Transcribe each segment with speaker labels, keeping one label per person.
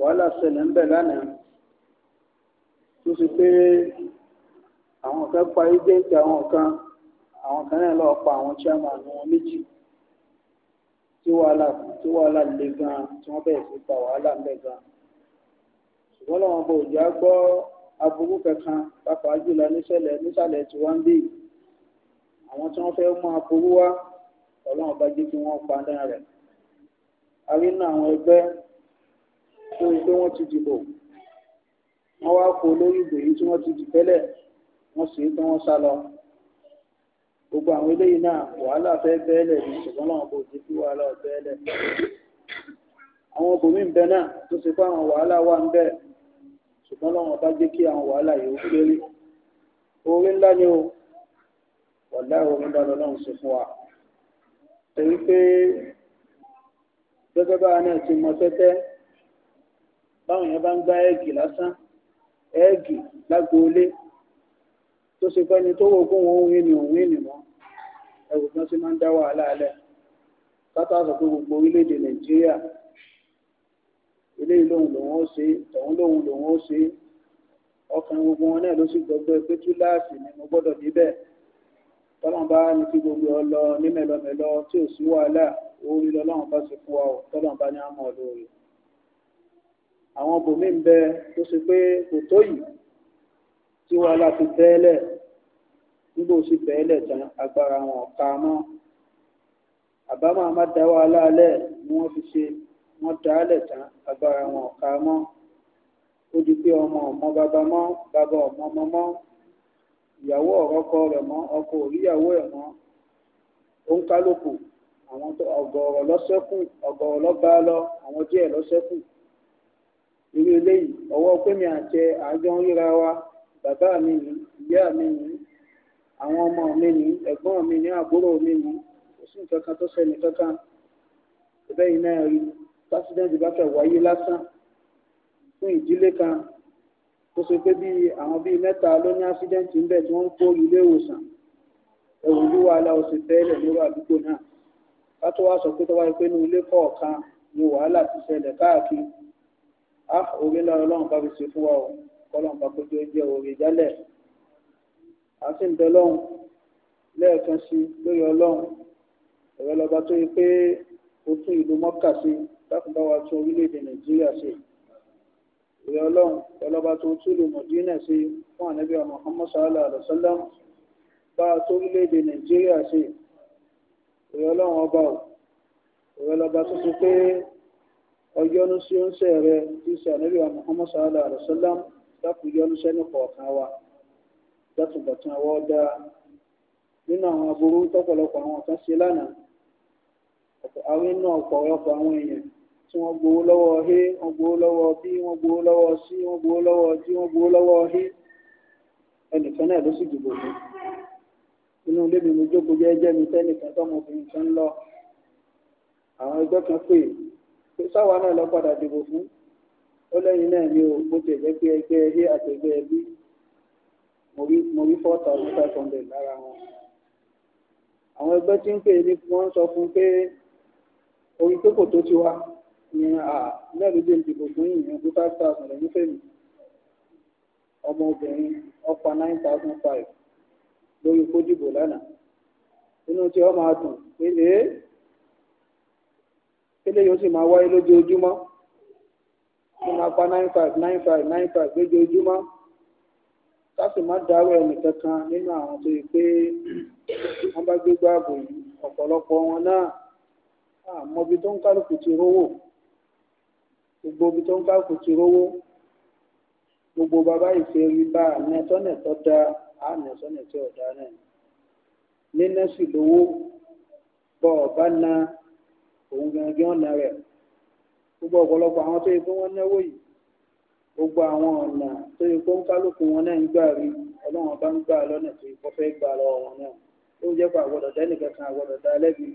Speaker 1: wàhálà ṣẹlẹ̀ ń bẹ lánàá tó sì pé àwọn kan pa ẹgbẹ́ǹtì àwọn kan àwọn kan náà lọ́ọ́ pa àwọn chairman wọn méjì tí wàhálà tí wàhálà le gan tí wọ́n bẹ̀rẹ̀ sí pa wàhálà ń bẹ gan ṣùgbọ́n làwọn ọmọ òjá gbọ́ aburú kankan pàápàá jùlọ níṣẹ̀lẹ̀ nísàlẹ̀ tí wọ́n ń bì àwọn tí wọ́n fẹ́ mú aburú wá ọlọ́run bá jẹ́ kí wọ́n pa náà rẹ̀ a rí nínú àwọn ẹgbẹ́ lórí pé wọ́n ti dìbò wọ́n wá kó lórí ìbò yìí tí wọ́n ti dì tẹ́lẹ̀ wọ́n sì tán wọ́n sá lọ gbogbo àwọn eléyìí náà wàhálà fẹ́ bẹ́ẹ̀lẹ̀ ní ṣùgbọ́n làwọn kò ti fi wàhálà bẹ́ẹ̀lẹ̀ àwọn obìnrin ń bẹ náà tó ṣe pé àwọn wàhálà wà ń bẹ ṣùgbọ́n làwọn bá jẹ́ kí àwọn wàhálà yìí ó kéré orí ńlá ni o wàhálà orí ńlá lọ́lọ́run ṣe fún wa torí pé gẹ́gẹ́ bá a náà ti mọ tẹ́tẹ́ báwọn èèyàn bá ń gbá ẹ́ẹ̀gì lásán ẹ́ẹ̀gì lágboolé tó ṣe pé ẹni tó wò kó wọn òun ènìyàn òun ènìyàn mọ́ ẹ̀wù kan ṣe máa ń dá wàhálà alẹ́ kátà sọ pé gbogbo orílẹ̀-èdè nàìjíríà eléyìí lòun lòun ó ṣe tọ̀hún lòun lòun ó ṣe ọkàn gbogbo wọn náà ló sì gbọgbẹ́ pé túláàsì ni mo gbọ́dọ̀ níbẹ̀ tọ́lọ́n bá ní kí gbogbo ọ lọ ní mẹ́lọmẹ́lọ tí ò sí wàhálà orí lọ́lọ́run bá ṣe fún wa ọ̀ tọ́lọ́n bá ní àmọ́ ọ àwọn bòmí ń bẹ tó ṣe pé kò tó yìí tí wọn bá fi bẹ́ẹ̀lẹ̀ nígbà ó sì bẹ́ẹ̀lẹ̀ tán agbára wọn ká mọ́ àbámọ̀ àmàdáwà aláàlẹ̀ ni wọ́n fi ṣe wọ́n dálẹ̀ tán agbára wọn ká mọ́ ó di pé ọmọ ọmọ bàbá mọ́ bàbá ọmọ ọmọ mọ́ ìyàwó ọ̀rọ̀kọ rẹ̀ mọ́ ọkọ òríyàwó ẹ̀ mọ́ òǹkálùkù àwọn ọgọ́rọ̀ lọ́sẹ̀kù ọgọ́rọ̀ lọ́gbàá lọ àwọn díẹ̀ lọ́sẹ̀kù irú eléyìí ọwọ́ pèmí àjẹ àjọ ń ríra wa bàbá mi ní ìyá mi ní àwọn ọmọ mi ní ẹ̀gbọ́n mi ní àbúrò mi ní kò sí nǹkan kan tó ṣẹlẹ̀ kankan bẹ́yìn náà rí pásídẹ́ǹtì bá fẹ́ wáyé lásán fún ìdílé kan tó ṣe pé bíi àwọn bíi mẹ́ta ló ní ásídẹ́ǹtì ń bẹ̀ tí wọ́n ń kó ilé ìwòsàn ẹ̀wù olúwa aláwọ̀ sì tẹ́lẹ̀ nírú àdúgbò náà ká sọ pé tó pé inú ilé kọ̀ọ̀kan ni wàhálà ti ṣẹlẹ̀ káàkiri á ah, orí ńlá ọlọ́run bá fi ṣe fún wa o kọ́lọ́n bá kó tó jẹ́ orí jálẹ̀ à ń sì ń bẹ lọ́hùn lẹ́ẹ̀kan sí lórí ọlọ́run ẹ̀rọ lọ́ba tó yẹ pé ó tún ìlú mọ́kà sí láti bá wa tún orílẹ̀-èdè nàìjíríà ṣe ìrẹ́ ọlọ́run ọlọ́ba tó tún ìlú mọ̀dínà ṣe fún ànábì Muhammad sallallahu alaihi wasallam bá a tún orílẹ̀-èdè nàìjíríà ṣe ìrẹ́ ọlọ́run ọba ò ìrẹ́ lọ́ba tó ṣe pé Ọjọọ sí oúnṣẹ́ rẹ tí sànẹ́bí wa muhammad sallallahu alayhi wa sallam dákun yọ́nu sẹ́ni kọ̀ọ̀kan wa dátùbọ̀tán wọ́ dáa nínú àwọn aburú tọ́pọ̀lọpọ̀ àwọn kan ṣe lánàá àwọn inú ọ̀pọ̀lọpọ̀ àwọn èèyàn tí wọ́n gbowó lọ́wọ́ he wọ́n gbowó lọ́wọ́ bí wọ́n gbowó lọ́wọ́ sí wọ́n gbowó lọ́wọ́ jí wọ́n gbowó lọ́wọ́ he ẹnìkan náà ló sì pé sáwa náà lọ padà dìbò fún ó lẹ́yìn náà ni o bó tiẹ̀ jẹ́ pé ẹgbẹ́ a àti ẹgbẹ́ b mo rí four thousand five hundred lára wọn àwọn ẹgbẹ́ tí ń pè ní wọ́n sọ fún pé orí pé tó ti wá ni mẹ́rin lè dìbò fún ìyẹn tó five thousand lẹ́yìn fèmí ọmọbìnrin ọ̀pá nine thousand five lórí kó dìbò lánàá inú tí ọ máa dùn pé ẹ́ eléyìí ó sì máa wáyé lójoojúmọ́ ó máa pa nine five nine five nine five lójoojúmọ́ ká sì má dárò ẹnìkankan nínú àwọn tó yẹ pé wọ́n bá gbégbá ààbò yìí ọ̀pọ̀lọpọ̀ wọn náà àmọ́ ibi tó ń kálukú ti rówó gbogbo ibi tó ń kálukú ti rówó gbogbo bàbá ìfẹ́ rí bá ànẹ́tọ́nẹ̀tọ́ da ànẹ́tọ́nẹ̀tọ́ ọ̀dà náà nínú sì lówó bọ́ ọ̀bá náà òun gangan ọ̀nà rẹ̀ gbogbo ọ̀pọ̀lọpọ̀ àwọn tó yẹ kó wọ́n náwó yìí gbogbo àwọn ọ̀nà tó yẹ kó ń kálukú wọn náà ń gbà rí ọlọ́run bá ń gbà lọ́nà tó yẹ kó fẹ́ gbà lọ́wọ́ wọn náà ó ń jẹ́ pé àgbọ̀dọ̀ dẹ́nìkan kan àgbọ̀dọ̀ dá lẹ́bi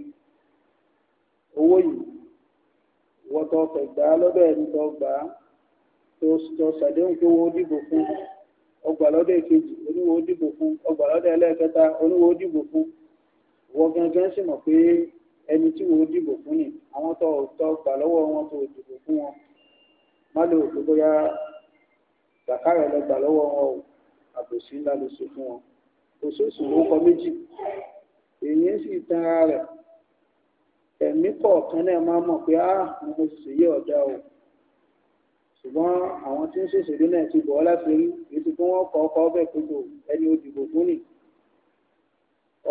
Speaker 1: owó yìí wọ́n tó fẹ́ gbà lọ́dọ̀ ẹni tó gbà á tó ṣàdéhùn pé wọ́n dìbò fún ọgbà lọ́dọ̀ èkejì oníwò dìbò fún ọgbà lọ́dọ̀ ẹlẹ́ẹ̀kẹta oníwò dìbò fún wọ́n gangan sì mọ̀ pé ẹni tí wò ó dìbò fún ni àwọn tó tó gbà lọ́wọ́ wọn tó dìbò fún wọn má lè rò pé bóyá zakari lọ gbà lọ́wọ́ wọn o àbòsí ńlá ló ṣe fún wọn kò sóòsì orúkọ méjì èyí sì tan ara rẹ̀ ẹ̀mí kọ̀ọ̀kan náà máa mọ̀ pé á mo sì yé ọ̀dà o ṣùgbọ́n àwọn tí ń ṣèṣèlú náà ti bọ̀ ọ́ láti rí èyí tí wọ́n kọ́ ọkọ̀ ọbẹ̀ pẹ̀lú ẹni ó dìbò fún ni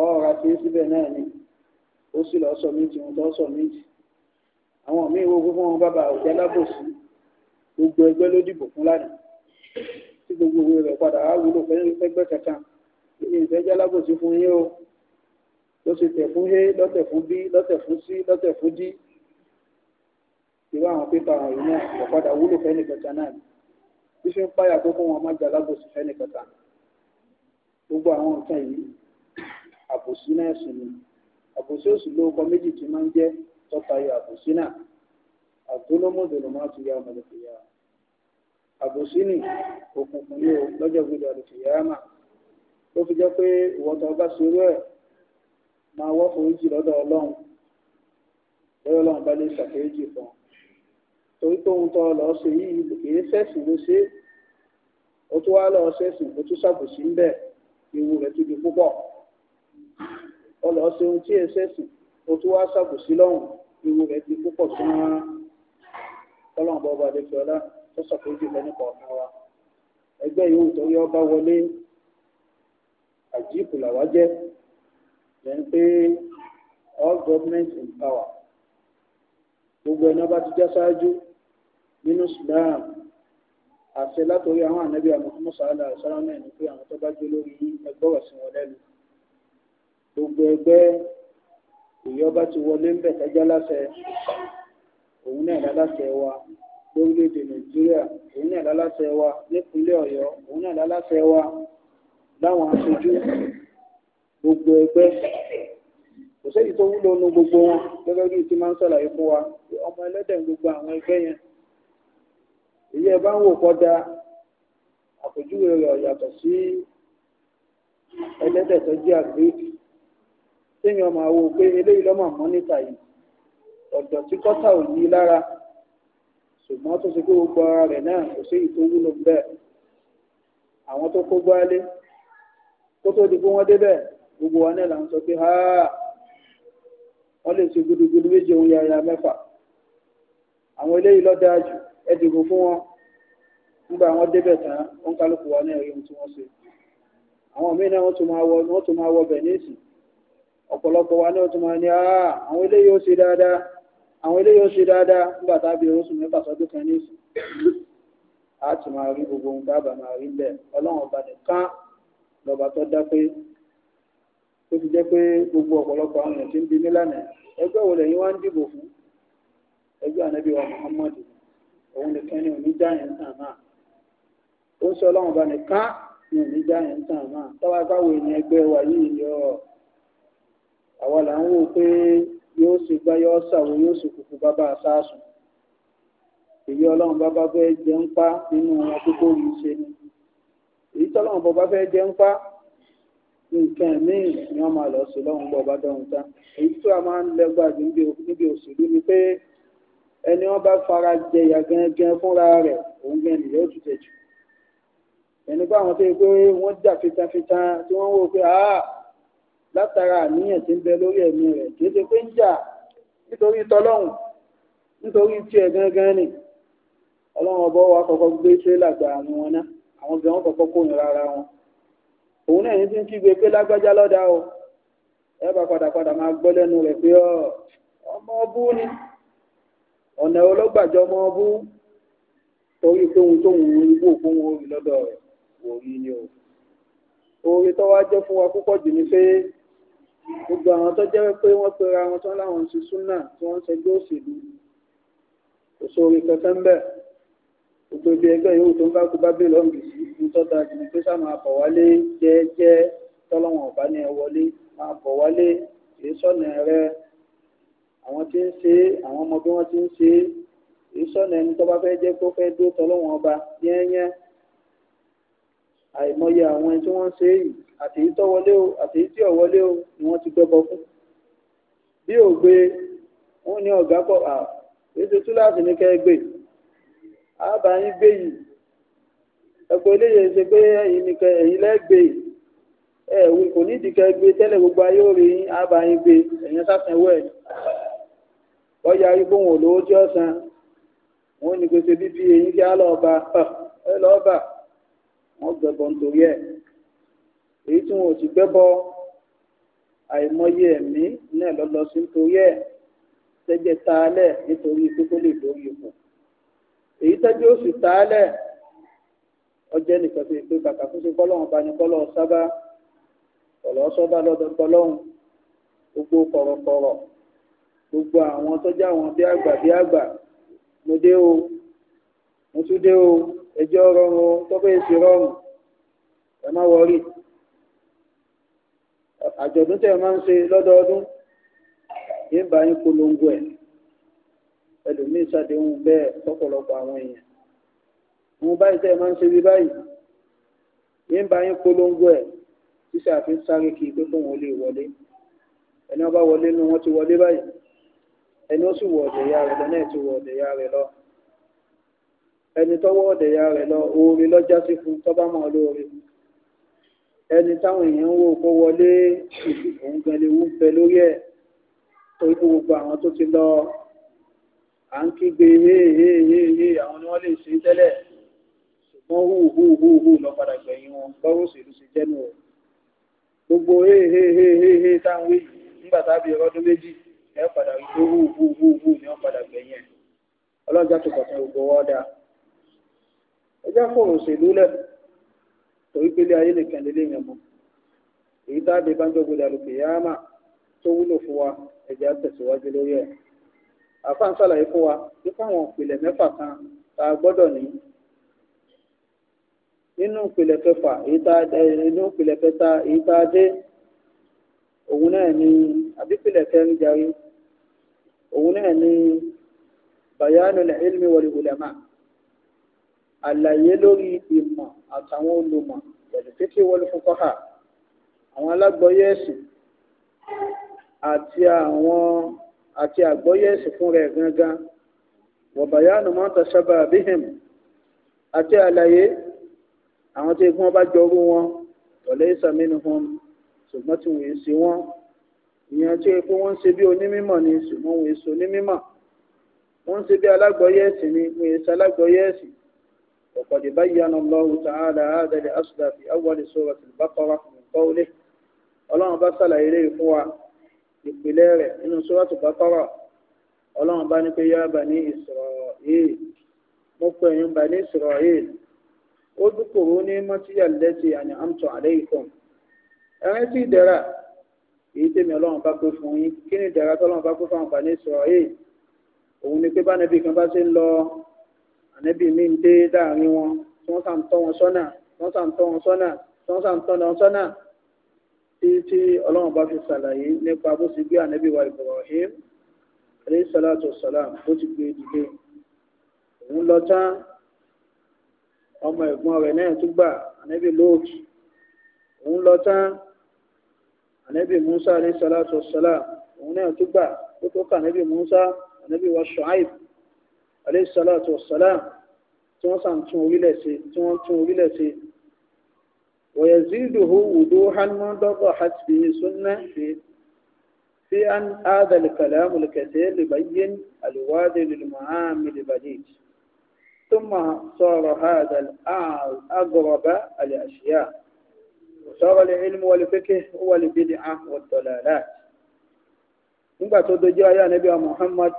Speaker 1: ọ̀ọ́ra ti ń síbẹ̀ náà ni ó sì lọ sọmíìtì wọn tó sọmíìtì àwọn míín wo gbogbo wọn bàbá òjá lábòsí gbogbo ẹgbẹ́ ló dìbò fún lánàá tí gbogbo òwe rẹ̀ padà á wúlò fẹ́gbẹ́ kankan ìní ìfẹ́ já lábòsí fún yín o ló ṣe tẹ̀ fún a lọ́tẹ̀ fún b lọ́tẹ̀ fún c lọ́tẹ̀ fún d irú àwọn pépà àwọn yìí náà kò padà wúlò fẹ́ni kankan náà bí ṣe ń páyà tó fún wọn má já lábòsí fẹ́ni kankan gbogbo àwọn nǹkan yìí àbòsí náà sì ni. àbòsí òsì lórúkọ méjì tí máa ń jẹ́ tọ́tayọ àbòsí náà àdólómọdòló máa ti yá ọmọdé fìyà àbòsí ni òkùnkùn ni o lọ́jọ́ gbọdọ̀ àlùfìyà mà ló fi jẹ́ pé ìwọ́tọ̀ ọba ṣerú ẹ̀ máa wọ́ foríjì lọ́dọ̀ bá lè fún torí ṣe yìí kìí ló ṣe ó tún wá ó tún ń ewu ọlọ́ ṣe ohun tí ẹ ṣẹ̀sìn o tún wá ṣàbùsí lọ́hùn irú rẹ̀ ti púpọ̀ tí wọ́n tọ́lọ́n bọ́ ọba adéfẹ́ ọlá tó ṣàpèjì lẹ́nu kọ̀ọ̀kan wa ẹgbẹ́ yòówù torí ọba wọlé àjíìpù làwa jẹ́ yẹn pé all government in power gbogbo ẹ̀nà bá ti já ṣáájú nínú Sudan àṣẹ látòrí àwọn ànábì àmọ́ fún mọ́sálà ìṣáláńà ẹ̀ ní pé àwọn tó bá jó lórí ẹgbọ́rọ̀ sí wọn lẹ́nu gbogbo ẹgbẹ́ ìyọba ti wọlé ń bẹ̀ tẹ́já láṣẹ òun náà láláṣẹ wa lórílẹ̀‐èdè nàìjíríà òun náà láláṣẹ wa nípínlẹ̀ ọ̀yọ́ òun náà láláṣẹ wa láwọn aṣojú gbogbo ẹgbẹ́ kò sẹ́yì tó wúlò nu gbogbo wọn gẹ́gẹ́ bí ti máa ń ṣàlàyé fún wa ọmọ ẹlẹ́dẹ̀ gbogbo àwọn ẹgbẹ́ yẹn èyí ẹ bá ń wò kọ́dà àpèjúwe rẹ̀ yàtọ̀ sí ẹlẹ́dẹ̀ tó jẹ́ àgbéyìí téèyàn máa wo pé eléyìí lọ́mọ̀ mọ́nítà yìí ọ̀dọ̀ tí kọ́tà ò lára ṣùgbọ́n tó ṣe pé gbogbo ara rẹ̀ náà kò sí ìtò wúlò bẹ́ẹ̀ àwọn tó kó gbálé kó tó di pé wọ́n débẹ̀ gbogbo wa náà là ń sọ pé wọ́n lè ṣe gudugudu méje ohun yàrá mẹ́fà àwọn eléyìí jù ẹ dìbò fún wọn nígbà wọn débẹ̀ tán wọn kálukú wa náà rí ohun tí wọ́n ṣe wọ ọ̀pọ̀lọpọ̀ wa náà tún máa ní àwọn eléyìí ó ṣe dáadáa àwọn eléyìí ó ṣe dáadáa nígbà tá a bí oṣù mẹ́fà sọ́dún kan ní ìsìn a ti máa rí gbogbo ohun tá a bá máa rí bẹ́ẹ̀ ọlọ́run ọba nìkan lọ́ba tó dá pé tó fi jẹ́ pé gbogbo ọ̀pọ̀lọpọ̀ àwọn èèyàn ti ń bi mí lánàá ẹgbẹ́ wo lẹ́yìn wá ń dìbò fún ẹgbẹ́ ànábì wa Muhammad òun nìkan ni òní já yẹn tàn náà ó ń sọ ọlọ́run ọba nìkan ni òní já yẹn tàn náà tọ́wọ́ àwa là ń wò pé yóò sì gbá yóò ṣàwo yóò sì kúkú bábà sáàsùn èyí ọlọ́run bá bá fẹ́ jẹ́ ń pa nínú wọn kókó yìí ṣe ni èyí tọ́lọ́run bọ́ bá fẹ́ jẹ́ ń pa nǹkan míì ni wọ́n máa lọ sí lọ́run bọ́ bá dọ̀hún tán èyí tó a máa ń lẹ́gbàá níbi òṣèlú ni pé ẹni wọn bá fara jẹyà gẹ́gẹ́ fúnra rẹ̀ òun gẹ́ nìyẹn ó tún tẹ̀ ẹni bá àwọn tó pé wọ́n jà fitafita tí wọ́n wò pé aah látara àníyàn tí ń bẹ lórí ẹ̀mí rẹ̀ kì í ṣe pé ń jà nítorí tọlọ́hùn nítorí tiẹ̀ gangan ni ọlọ́run ọba wa kọ́kọ́ gbé tírélà gba àwọn wọn náà àwọn gan kọ́kọ́ kó yín rárá wọn òun náà ní ti ń kígbe pé lágbájá lọ́dà o ẹ bá padà padà máa gbọ́ lẹ́nu rẹ̀ pé ọmọ ọbú ni ọ̀nà ológbàjọ ọmọ ọbú torí pé ohun tó ń wù ú wò fún wọn rí lọ́dọ̀ rẹ̀ wò rí ni o oore tó wá jẹ́ fún wa púpọ̀ jù ni pé gbogbo àwọn tó jẹ́ pé wọ́n pera wọn tán láwọn ń ṣe súnà tí wọ́n ń ṣẹgbẹ́ òṣèlú kò sóore kankan bẹ́ẹ̀ gbogbo ibi ẹgbẹ́ yòówù tó ń bá kú bá bèèrè ọ̀hún sí ní tọ́ta àjùmọ̀ pé sáà máa bọ̀ wálé jẹ́ẹ́jẹ́ tọ́lọ́wọ̀n ọ̀bá ní ẹ wọlé máa bọ̀ wálé èé sọ̀nà rẹ àwọn tí ń ṣe é àwọn ọmọ bí wọ́n ti ń ṣe é èé sọ̀nà ẹni tó bá fẹ́ jẹ́ kó fẹ́ dó tọ́lọ́wọ̀n ọba yẹ́ẹ́yẹ́ àìmọye àwọn ẹni tí wọ́n ń ṣe èyí àtèyí tó wọlé o àtèyí tí ò wọlé o ni wọ́n ti gbẹ́bọ fún bí ògbé wọn ní ọ̀gá pọ̀ à ètò túláàsì ní kẹ́ ẹ gbé àbá yín gbé yìí ẹ̀kọ́ eléyìí ṣe pé ẹ̀yin nìkan ẹ̀yin lẹ́gbẹ̀ ẹ̀ ẹ̀wọ̀n kò ní ìdíkẹ́ gbé tẹ́lẹ̀ gbogbo ayé ò rí yín àbá yín gbé ẹ̀yin sàtẹ̀wọ̀ ẹ̀ wọ́n yarí pé lówó tí ọ̀sán wọn ò pèsè bíbí eyín kí á lọ́ọ́ bá ẹ lọ́ọ́ bá wọ́n gbẹbọ nítorí ẹ̀ èyí tí wọn ò sì gbẹbọ àìmọye ẹ̀mí náà lọlọ sí nítorí ẹ̀ tẹjẹ taálẹ̀ nítorí kókó lè lórí ipò èyí tẹjẹ oṣù taálẹ̀ ọjẹ nìkan tó yẹ pé kàkà fún sí kọlọrun bá ní kọlọrun sábà kọlọrun sọba lọ́dọ̀ kọlọrun gbogbo kọ̀rọ̀kọ̀rọ̀ gbogbo àwọn tọjá àwọn bí àgbà bí àgbà mo dé o mo tún dé o ẹjọ́ rọrùn tọ́pẹ́ èsì rọrùn ẹ má wọrí àjọ̀dún tẹ̀ máa ń ṣe lọ́dọọdún yín bá yín polongo ẹ̀ ẹlòmíín ṣàdéhùn bẹ́ẹ̀ lọ́pọ̀lọpọ̀ àwọn èèyàn òun báyìí tẹ̀ máa ń ṣe bí báyìí yín bá yín polongo ẹ̀ ṣíṣe àfihàn sáré kì í pé kóun ò lè wọlé ẹni ọba wọlé nu wọn ti wọlé báyìí ẹni ó sì wọ ọ̀dẹ̀ ya rẹ̀ lọ náà ti wọ ọ̀dẹ̀ ya rẹ̀ lọ ẹni tọ́wọ́ ya rẹ̀ lọ oore lọ́jà sí fún tọ́ba lóore ẹni táwọn èèyàn ń wò wọlé òun gan lè wú bẹ lórí torí gbogbo àwọn tó ti lọ à ń kígbe héhéhéhé àwọn ni wọ́n lè ṣe húhúhúhú lọ padà wọn òṣèlú ṣe gbogbo táwọn wí nígbà tábí ọdún méjì ẹ padà rí húhúhúhú ni wọ́n padà gbẹ̀yìn ẹ̀ tó ẹjẹ fòrò òṣèlú lẹ torí pélé ayé nìkan lélẹ yẹn mọ èyí tá a lè bá ń jọgbó dàlùkì yáàmà tó wúlò fún wa ẹjẹ tẹsíwájú lórí ẹ àfa ń ṣàlàyé fún wa nípa àwọn ìpìlẹ̀ mẹ́fà kan tá a gbọ́dọ̀ ní nínú ìpìlẹ̀ kẹfà èyí tá a dé nínú ìpìlẹ̀ kẹta èyí tá a dé òun náà ní àbípìlẹ̀ kẹrin jarí òun náà ní bayanu ilmi wal ulama àlàyé lórí ìmọ̀ àtàwọn olùmọ̀ pẹ̀lú fífi wọlé fún kọ́hà àwọn alágbọ́yé ẹ̀sìn àti àwọn àti àgbọ́yé ẹ̀sìn fún rẹ̀ gangan wọ̀bàyánu máa ń tàṣàbà bíhìm àti àlàyé àwọn tí egun ọba jọrú wọn wọlé ìsàmínú hàn ṣùgbọ́n tí wọ́n ṣe wọ́n ìyẹn tí egun wọn ṣe bí onímọ̀ ni ṣùgbọ́n wọ́n ṣe onímọ̀ wọ́n ṣe bí alágbọ́yé ẹ̀sìn ni wọ́n ṣe alágbọ́yé ẹ̀sìn وقد بين الله تعالى هذا لأصل في أول سورة البقرة من قوله ọlọ́run bá ṣàlàyé lè fún wa ìpìlẹ̀ rẹ̀ nínú sọ́wọ́tò bàtọ́rà ọlọ́run bá ní pé yá bani Isra'il mo pè yín bani Isra'il ó dúkòrò ní mọ́tíyà lẹ́tì àyàn amtọ̀ alaykum ẹ̀rín tí ìdẹ́ra èyí tèmi ọlọ́run bá pé fún yín kí ni ìdẹ́ra tọ́lọ́run bá pé fún àwọn bani Isra'il òun ni pé bá nàbí kan bá ṣe ń lọ ànábì mi ń dé láàrin wọn tí wọ́n sàn tọ́ wọn sọ́nà tí wọ́n sàn tọ́ wọn sọ́nà tí wọ́n sàn tọ́ wọn sọ́nà tí tí ọlọ́run bá fi ṣàlàyé nípa bó ti gbé ànábì wa Ibrahim alayhi salatu wassalam bó ti gbé dìde òun lọ tán ọmọ ẹ̀gbọ́n rẹ̀ náà tún gbà ànábì lóòtù òun lọ tán ànábì Musa alayhi salatu òun náà tún gbà ó tó kà ànábì Musa ànábì wa Shu'aib aleyhi salatu wa salam tí wọ́n sàn tún orílẹ̀ ṣe tí wọ́n tún orílẹ̀ ṣe ويزيده وضوحا ما ضحت به سنة في, في أن هذا الكلام الكثير لبين الوادي للمعامل بديج ثم صار هذا أقرب الأشياء وصار العلم والفقه هو البدعة والضلالات nígbà tó dojú ayé anabi muhammad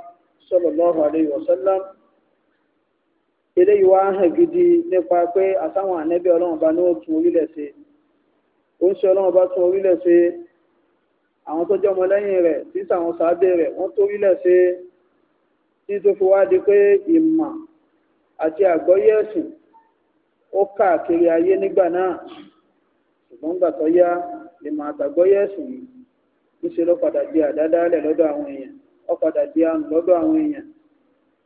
Speaker 1: sallallahu alayhi wa sallam eléyìí wá hàn gidi nípa pé àtàwọn ànẹ́bí ọlọ́run bá ní ó tún orílẹ̀ ṣe ó ń ṣe ọlọ́run bá tún orílẹ̀ ṣe àwọn tó jẹ́ ọmọlẹ́yìn rẹ̀ títí àwọn sáábẹ̀ rẹ̀ wọ́n tó orílẹ̀ ṣe tí tó fi wá di pé ìmọ̀ àti àgbọ́yé ẹ̀sìn ó káàkiri ayé nígbà náà ṣùgbọ́n nígbà tó yá ìmọ̀ àtàgbọ́yé ẹ̀sìn yìí níṣẹ́ ló padà di àdádálẹ̀ lọ́dọ̀ àwọn èèyàn ó padà di àrùn lọ́dọ̀ àwọn èèyàn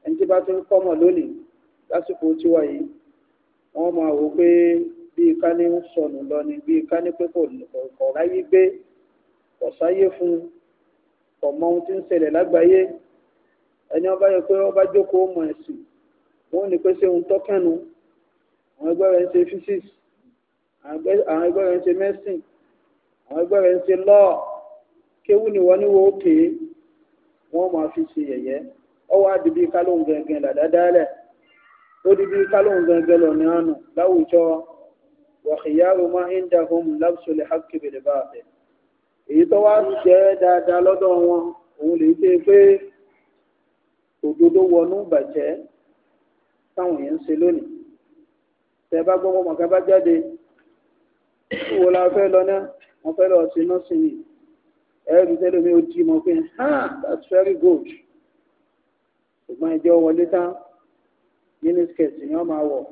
Speaker 1: ẹni tí bá tún kọ́mọ̀ lónìí lásìkò tiwa yìí wọ́n máa wò pé bíi ká ní ń sọnù lọ ni bíi ká ní pé kò ráyé gbé kò sáyé fún kò mọ ohun tí ń ṣẹlẹ̀ lágbàáyé ẹni ọba yẹ pé ọba jókòó mọ ẹ̀sìn wọ́n ní pé ṣé ohun tọ́kẹ́nu àwọn ẹgbẹ́ rẹ̀ ń ṣe physics àwọn ẹgbẹ́ rẹ̀ ń ṣe medicine àwọn ẹgbẹ́ rẹ̀ ń ṣe law kéwù ni wọ́n níwò òkè wọ́n máa fi ṣe yẹ̀yẹ́ ọwọ́ àdìbí ká lóun gẹ̀ǹgẹ̀ làdá dálẹ̀ odidi kálóhùn gangan lọ ní àná láwùjọ wàhíyàrú máa ń dàgùn lábùsùlẹ̀ hákìbìlì bá àbẹ̀ èyí tó wá jẹ́ dáadáa lọ́dọ̀ wọn òun lè ṣe pé òdodo wọnú bàjẹ́ táwọn yẹn ń ṣe lónìí tẹ́ bá gbọ́ mọ̀ká bá jáde wo la fẹ́ lọ náà wọ́n fẹ́ lọ sí nọ́ọ̀sì ni ẹ̀rù tẹ́lẹ̀ mi ò dì mọ́ pé ah, that's very good ṣùgbọ́n ìjọ wọlé tán. mini skirt ni wọ́n máa wọ̀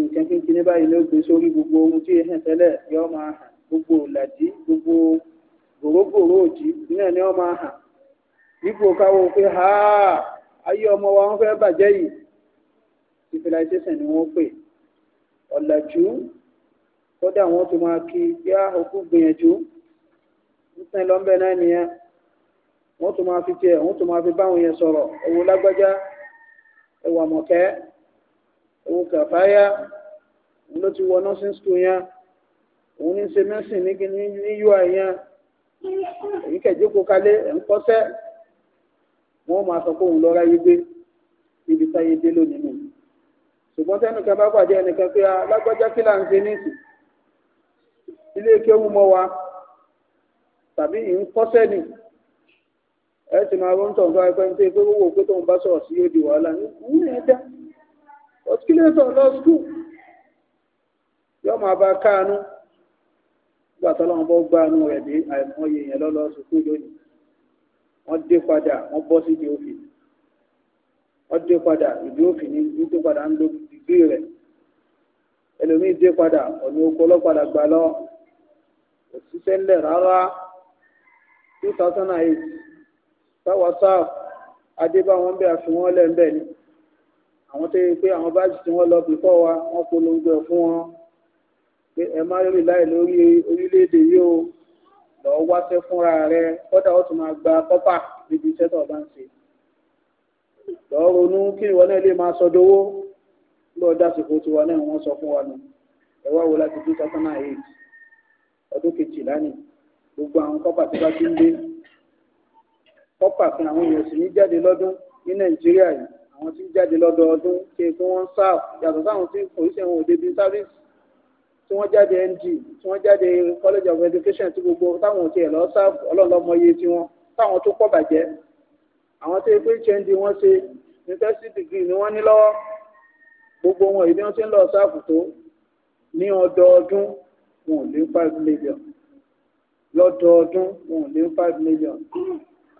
Speaker 1: nǹkan kíkí ní báyìí ló gbé sórí gbogbo ohun tí ehàn tẹ́lẹ̀ yọ máa hàn gbogbo làdí gbogbo gòrógòró òjì náà ni wọ́n máa hàn dípò pé ha ayé ọmọ wa wọ́n fẹ́ bàjẹ́ yìí civilization ni pè kódà tún máa kí òkú gbìyànjú nítorí lọ́nbẹ̀ náà nìyẹn tún máa fi tiẹ̀ tún ẹwà mọ̀kẹ́ òun kàfáyà òun ló ti wọ nursing school yẹn òun ní ṣe mẹ́sìn ní ní ui yẹn èyí kẹ̀jókòó kalẹ̀ ẹ̀ ń kọ́sẹ́ wọ́n máa sọ pé òun lọ́ra yí gbé ibi táyé dé lónìí nù ṣùgbọ́n tẹ́nìkan bá pàdé ẹnìkan pé alágbájá kí là ń ṣe níìsì ilé kéwú mọ́ wa tàbí ìń kọ́sẹ́ ẹ ti máa rọ́ńtọ̀ nǹkan ẹgbẹ́ ní pé gbogbo wò pé tóun bá sọ̀rọ̀ sí yóò di wàhálà ní ìwúrẹ̀ ẹ̀dá ọ̀tíkílẹ̀tọ̀ lọ skul yọ máa bá káànú nígbà tó lọ́wọ́ bọ́ gbáànú rẹ̀ dé àìmọye yẹn lọ́lọ́ skul lónìí wọ́n dé padà wọ́n bọ́ sí ìdí òfin wọ́n dé padà ìdí òfin ní ìdí tó padà ń lo dìgbì rẹ̀ ẹlòmíì dé padà ọ̀nà oko ọlọ́padà gbà lọ òṣìṣẹ́ ńlẹ̀ rárá two thousand and eight táwa sáà adé bá wọn bẹ àfi wọn lẹ ń bẹ ni àwọn tó yẹ pé àwọn báàjì tí wọn lọ bìfọ wa wọn polongo ẹ fún wọn pé ẹ má rí láì lórí orílẹ̀-èdè yìí o lọ́ọ́ wáṣẹ́ fúnra rẹ kọ́dà ó tún máa gba kọ́pà níbi iṣẹ́ tó o bá ń ṣe lọ́ọ́ ronú kí ìwọ náà lè máa sọdowó lọ́ọ́ dásìkò tiwa náà wọ́n sọ fún wa nù ẹ wá wo láti two thousand and ọdún kejìlá ni gbogbo àwọn kọ́pà tó bá ti ń dé kọ́pà kan àwọn èèyàn sì ní jáde lọ́dún ní nàìjíríà yìí àwọn tí ń jáde lọ́dọọdún ṣe pé wọ́n ń sáà yàtọ̀ sáwọn tí oríṣi àwọn òde bíi service tí wọ́n jáde NG tí wọ́n jáde college of education tí gbogbo táwọn ò tiẹ̀ lọ sáàbù ọlọ́ọ̀lọ́mọ iye tiwọn táwọn tó pọ̀ bàjẹ́ àwọn tó yẹ pé HND wọ́n ṣe university degree ni wọ́n ní lọ́wọ́ gbogbo wọn ìdí wọn ti ń lọ sáàbù tó ní ọdọọdún wọn ò five million lọ́dọọdún wọn ò five million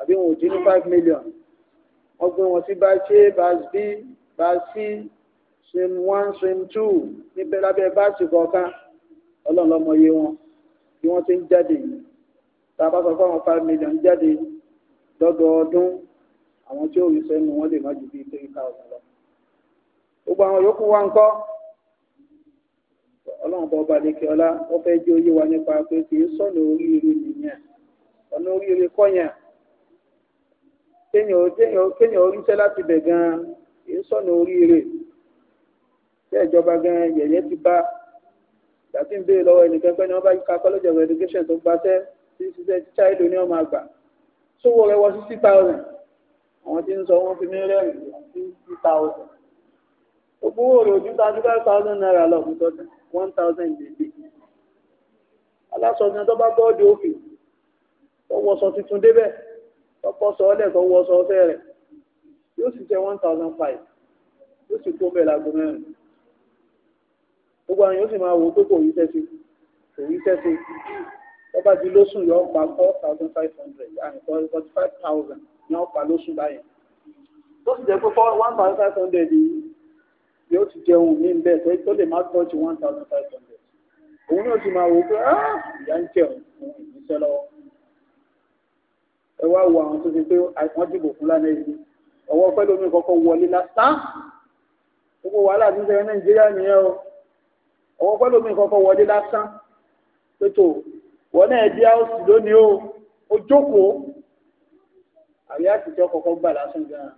Speaker 1: àbí wọn ò jí ní five million wọ́n gbé wọn sí batch a batch b batch c swim one swim two níbẹ̀ lábẹ́ báàsì kọ̀ọ̀kan ọlọ́run lọ́mọ iye wọn bí wọ́n ti ń jáde tá a bá sọ fáwọn five million jáde lọ́dọọdún àwọn tí ó rí sẹ́nu wọ́n lè má ju bíi three thousand lọ. gbogbo àwọn yòókù wa ń kọ́ ọlọ́run bọ́ balẹ̀kẹ́ ọlá wọ́n fẹ́ jẹ́ oyé wa nípa pé kì í sọ̀nà oríire nìyẹn ọ̀nà oríire kọ́ yẹn kéèyàn kéèyàn kéèyàn oríṣẹ́ láti bẹ̀ gan-an èyí sọ̀nà oríire tí ìjọba gan yẹ̀yẹ́ ti bá ìdásí ń béèrè lọ́wọ́ ẹnìkan pé ní wọ́n bá yíká college of education tó gbaṣẹ́ tí ṣiṣẹ́ tíṣà èlò ní ọmọ àgbà sówó rẹ wọ sixty thousand àwọn tí ń sọ wọ́n fi ní rẹ́rìn-ín sixty thousand ògbó òòrò ojú thirty thousand naira lọ fún tọ́jú one thousand dèdè alásọ̀gbìn tó bá bọ́ọ̀dì òfin tó wọṣọ tuntun débẹ̀ tọ́pọ̀ sọ ọ́lẹ̀ tó wọ́ sọ ọ́fẹ́ rẹ̀ yóò sì jẹ one thousand five yóò sì kó bẹ́ẹ̀ láago mẹ́rin gbogbo àwọn yóò sì máa wò ó pé kò rí tẹ́sí kò rí tẹ́sí tọ́ba ti lóṣù yọ pa four thousand five hundred and forty five thousand yọ pa lóṣù báyẹn tó sì jẹ́ pé one thousand five hundred yìí yóò ti jẹun mí bẹ́ẹ̀ tó lè má tọ́jú one thousand five hundred òun yóò sì máa wò ó pé ah, ìyá ń jẹun òun ìgbésẹ̀ lọ́wọ́ ẹ wá wo àwọn tó ṣe pé wọ́n dìbò fún lánàá yìí ọwọ́ pẹ́lú omi kọ́kọ́ wọlé lásán gbogbo wàhálà tó ń ṣẹlẹ̀ nàìjíríà nìyẹn o ọwọ́ pẹ́lú omi kọ́kọ́ wọlé lásán pẹ̀tọ́ wọn náà di áùsì lónìí o ó jókòó àbí àtijọ́ kọ́kọ́ gbà lásán gan-an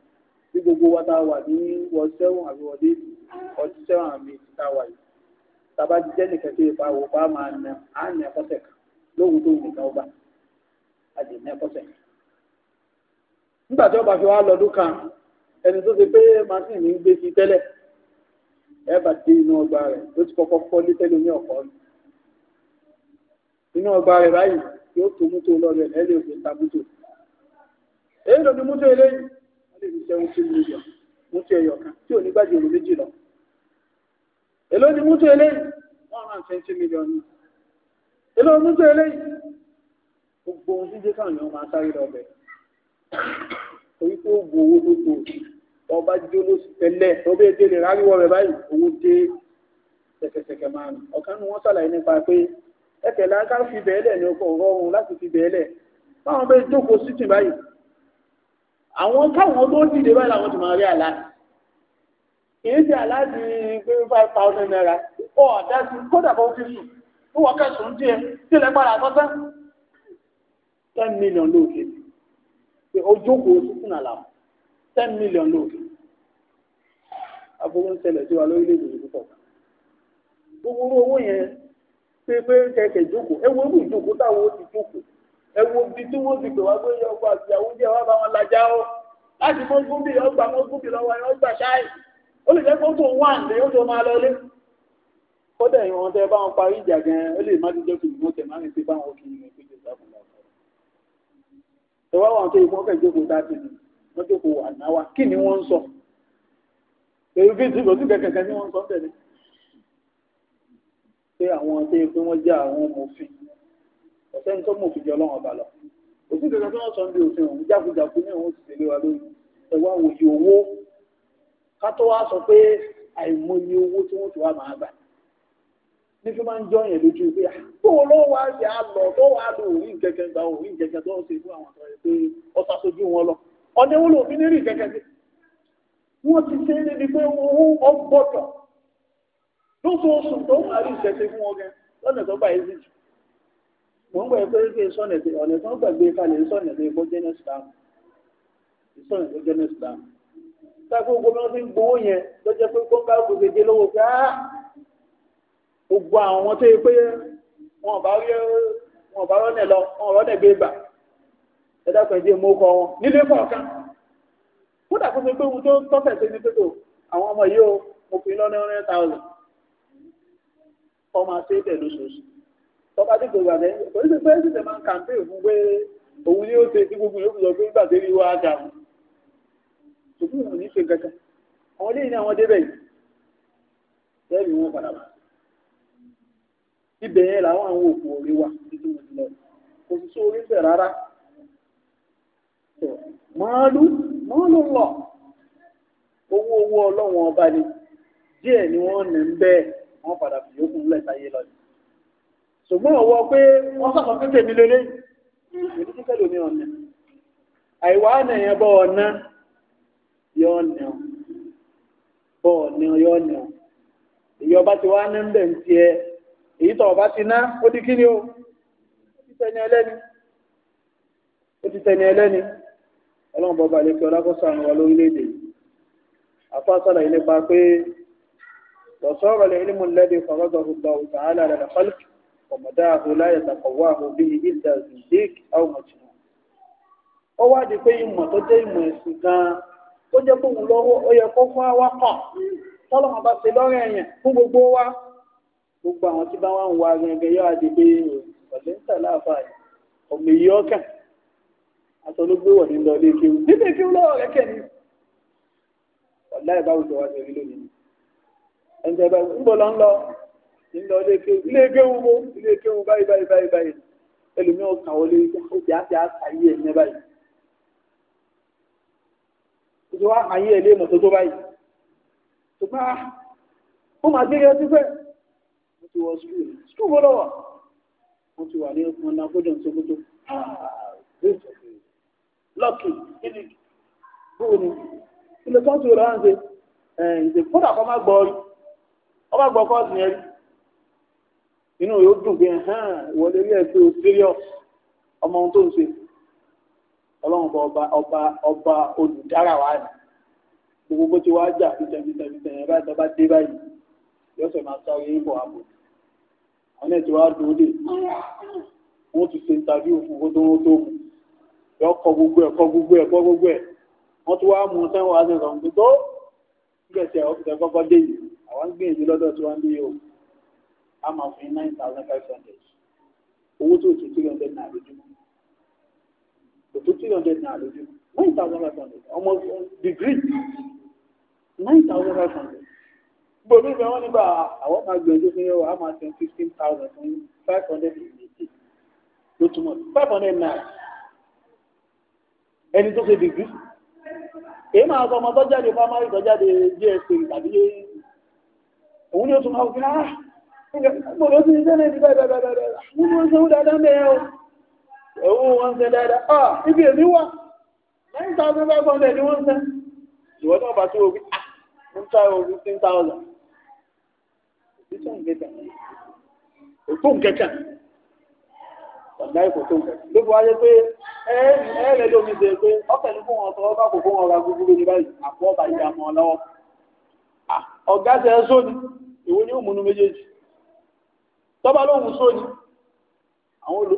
Speaker 1: bí gbogbo wa tá wà ní wọ sẹ́wọ̀n àbí wọlé ọtí sẹ́wọ̀n àbí tá wà yìí tàbá jẹ́ nìkan tó yẹ pa wò pa máa nà á nà ẹ̀kọ́sẹ̀ kan lóhun tó wù nìkan ó a lè nà ẹ̀kọ́sẹ̀ kan nígbà tí ọba fi wá lọ́dún kan ẹni tó ti pé màsín mi ń gbé sí tẹ́lẹ̀ ẹ bá dé inú ọgbà rẹ̀ ló ti kọ́kọ́ kọ́ lé tẹ́lẹ̀ ní ọ̀kọ́ rẹ̀ inú ọgbà rẹ̀ báyìí yóò tó mútó lọ́rẹ̀ ẹ lè fi ta mútó èyí lòdì mútó eléyìí wọ́n lè fi sẹ́wọ́n sí mílíọ̀n mútó ẹyọ kan tí ò ní gbàjẹ́ òru méjì lọ èló ni mútó eléyìí one hundred and twenty million ni èló mútó eléyìí gbogbo ohun tí jẹ́ káwọn èèyàn máa sáré lọ bẹ̀rẹ̀ torí pé oògùn owó ló tó wọn bá jó ló sì tẹ́lẹ̀ tó bẹ́ẹ̀ délé ráríwọ̀ rẹ̀ báyìí owó dé ṣẹ̀kẹ̀ṣẹ̀kẹ̀ máa nù ọ̀kan nu wọn ṣàlàyé nípa pé ẹ̀kẹ̀ láńká fi bẹ́ẹ̀lẹ̀ ní ọkọ̀ rọrùn láti fi bẹ́ẹ̀lẹ̀ báwọn bẹ́ẹ̀ jókòó sítì báyìí àwọn káwọn tó dìde báyìí làwọn ti máa rí àlá kì í ṣe àlá di pé five thousand naira ọ̀ àdá sí kódà bọ́ fi sùn ó wọ́n kẹsùn díẹ̀ sílẹ̀ padà tọ́tán ten million lóòkè ni pé ó jókòó sísìn àlàfo ten million lóòkè aburú ń ṣẹlẹ̀ sí wa lórílẹ̀-èdè yìí púpọ̀ gbogbo owó yẹn pépé kẹ̀kẹ́ jókòó ẹ wo irú ìjókòó táwọn ó ti jókòó ẹ wo ibi tí wọ́n ti pè wá pé ọkọ̀ àti àwọn oúnjẹ wa bá wọn lajá ó láti mọ gúnbì ọgbà mọ gúnbì lọ́wọ́ ẹ ọgbà ṣáì ó lè jẹ́ pé ó tó wà ní ó tó máa lọ lé kódà ìwọ̀n tẹ bá wọn parí ìjà gan ó lè má ti jẹ́ kí ìwọ̀n tẹ̀ má rìn sí báwọn òkè ìrìn ìpínlẹ̀ sábà ìwọ àwọn tó yìí wọ́n fẹ́ jókòó dáàbì ni wọ́n jókòó ànáwá kí ni wọ́n ń sọ èyí fi ti lòdì kẹ̀kẹ́ ni wọ́n ń sọ tẹ̀lé pé àwọn tó yẹ pé wọ́n jẹ́ àwọn mòfin ọ̀sẹ́ni tó mòfin jọ lọ́wọ́ ọba lọ òsì kẹ̀kẹ́ tó wọ́n sọ ń bí òfin òun jákujàku ní òun sì tẹ̀lé wa lórí ẹ̀wá òye owó ká tó wá sọ pé àìmọye owó tí wọ́n ti wá máa gbà ní ní fi máa ń jọyìn lójú pé kó ah, ló wá sí àlọ tó wà lò òrí kẹkẹ gba òrí kẹkẹ tó ń ṣe fún àwọn àtọyẹ pé ọta sojú wọn lọ ọdẹ wọn lò fi ní rí kẹkẹ sí wọn ti ṣe é níbi pé owó ọgbọdọ lóṣooṣù tó wà rí ìṣẹṣe fún wọn lọnà tó gbà yé sí jù mọ̀ ń pé kí sọ̀nà tí ọ̀nà tó ń gbàgbé kalẹ̀ sọ̀nà tí ó jẹ́nà islam sọ̀nà tó jẹ́nà islam gbogbo àwọn tó yẹ pé wọn bá rí wọn bá rọ́nẹ̀ lọ wọn rọ́nẹ̀ gbé gbà ẹ dákun ẹ jẹ́ mú kọ wọn nílé kọ̀ọ̀kan kódà kó ṣe pé ohun tó tọ́fẹ̀ sí ní pẹ̀tọ̀ àwọn ọmọ yìí ó mo fi lọ́nà hundred thousand ọmọ àti ètò lóṣooṣù tọ́ba tí gbogbo àlẹ́ torí pé pẹ́ẹ́sìtẹ̀ máa ń kàmpéè fún pé òun ni ó ṣe tí gbogbo yóò fi lọ pé nígbà tó rí wá dà mí ṣùgbọ́n òun ní ṣe kankan àwọn ilé ìní àwọn débẹ̀ yìí bẹ́ẹ̀ ni wọ́n padà bá ibẹ̀ yẹn làwọn àwọn òkú orí wà títí mo ti lọ kò sí sórí bẹ̀ rárá màálù màálù lọ owó owó ọlọ́wọ́n ọba ni díẹ̀ ni wọ́n nà ń bẹ́ẹ̀ wọ́n padà fi yókù ńlẹ̀ sáyé lọ ni ṣùgbọ́n ọwọ́ pé wọ́n sọ̀tọ̀ pé tèmi lélẹ́ ìlú kíkẹ́ lómi ọ̀nà àìwá ọ̀nà yẹn bọ́ ọ̀nà yọ ọ̀nà bọ́ ọ̀nà yọ ọ̀nà ìyọba ti wá ní ń bẹ̀ ń tiẹ̀ èyí tó ọba ti ná ó di kí ni o ó ti tẹni ẹlẹ́ni ọlọ́run bọ́ba ọlákọ́sọ àwọn èdè yìí nípa pé wọ́sọ́rọ̀ lè ilmu lẹ́bi fọ́rọ́dọ̀ ọ̀gbà ọ̀gbà àlàlẹ̀ lẹ́fọ́lùkì ọ̀mọ̀dá àhùlá ìtàkọ̀wá ahụ ìdá zindik àwùmọ̀tìmọ̀ ó wá di pé ìmọ̀ tó jẹ́ ìmọ̀ ẹ̀sìn gan-an tó jẹ́ lọ́wọ́ ó yẹ kó fún gbogbo àwọn tí bá wà ń wa gẹ́gẹ́ yọ àdìgbé ọ̀lẹ́ ń tàlá àfààní ọmọ èyí ọkà àtọlógbé wọ̀ ní lọ ilé kéwù nílé kéwù lọ́wọ́ kẹ́kẹ́ ni ọ̀lá ẹ̀ bá wùdọ̀ wá sẹ́rí lónìí ẹni tẹ́ bá ń bọ̀ lọ ń lọ ní lọ ilé kéwù ilé kéwù mo ilé kéwù báyìí báyìí báyìí báyìí ẹlòmíì ọkàn wọlé ó ti á ti á sàyé ẹ̀ ní báyìí ìjọba àyè ẹ̀ lé mọ̀tótó báyìí ṣùgbọ́n ah, ó máa gbé yẹn sí fẹ́ẹ́ ti wọ skul skul wo lọ wà wọn ti wà ní ọ̀nà agbọ́dọ̀ nsọ́kótó lọ́kì kíni bóòlù ilé kan tó rà ń ṣe ẹ̀ eh, ǹṣe kódà kọ́ má gbọ́ rí ọ má gbọ́ kọ́ọ̀sì yẹn rí inú yóò dùn pé hàn wọlé rí ẹ pé o serious ọmọ ohun tó ń ṣe ọlọ́run bá ọba ọba olùdára wa ni gbogbo bó ti wá jà fìtẹ̀fìtẹ̀fìtẹ̀ yẹn báyìí tó bá dé báyìí yóò sọ ma sáré ìbò àbò wọn ẹ̀ ti wá dùn dé wọn ti ṣe ìtàbí òfin kó tó wọn tó mú yọ kọ gbogbo ẹ̀ kọ gbogbo ẹ̀ kọ gbogbo ẹ̀ wọn tún wá mú un sẹ́wọ̀n wá sẹ́wọ̀n tó tó gbèsè ọ̀fíìsẹ̀ kọ́kọ́ dé yìí àwọn ń gbìyànjú lọ́dọ̀ tí wọ́n ń yìí o a máa fún yín nine thousand five hundred owó tó ti three hundred náà lójúmọ́ kò tó three hundred náà lójúmọ́ nine thousand five hundred ọmọ degree nine thousand five hundred gbòmí mi wọ́n nígbà àwọn máa gbẹ̀jú fún yẹn wà á máa ten fifteen thousand fún five hundred and eighty ló túmọ̀ five hundred nine. ẹni tó ṣe dìgbì èyí máa sọ ọmọ tó jáde primary tó jáde JSC tàbí e e. òun ni ó tún máa wù kí á mo lọ sí iṣẹ́ náà ní bẹ́ẹ̀ bẹ́ẹ̀ bẹ́ẹ̀ bẹ́ẹ̀ mo ní wọ́n ṣe ń dáadáa mẹ́ẹ̀ o ẹ̀wọ́ wọn ṣe dáadáa ah ibi èmi wà nine thousand five hundred ni wọ́n ṣe ìwọ́n náà bá tó o bí ah ń ta o fifteen thousand tó nǹkan kò tó nǹkan kan ọ̀gá ìkò tó nǹkan ló fi wáyé pé ẹ̀ẹ́rẹ́ lómi ṣe pé ọ̀fẹ́ ní fún wọn sọ ọba kò fún wọn ra gbogbo ní báyìí àpò ọba ìyá mọ́ ọ lọ́wọ́ ọ̀gá ṣe ẹ́ sóni èwo ni ó múnú méjèèjì tọ́ba lóhùn sóni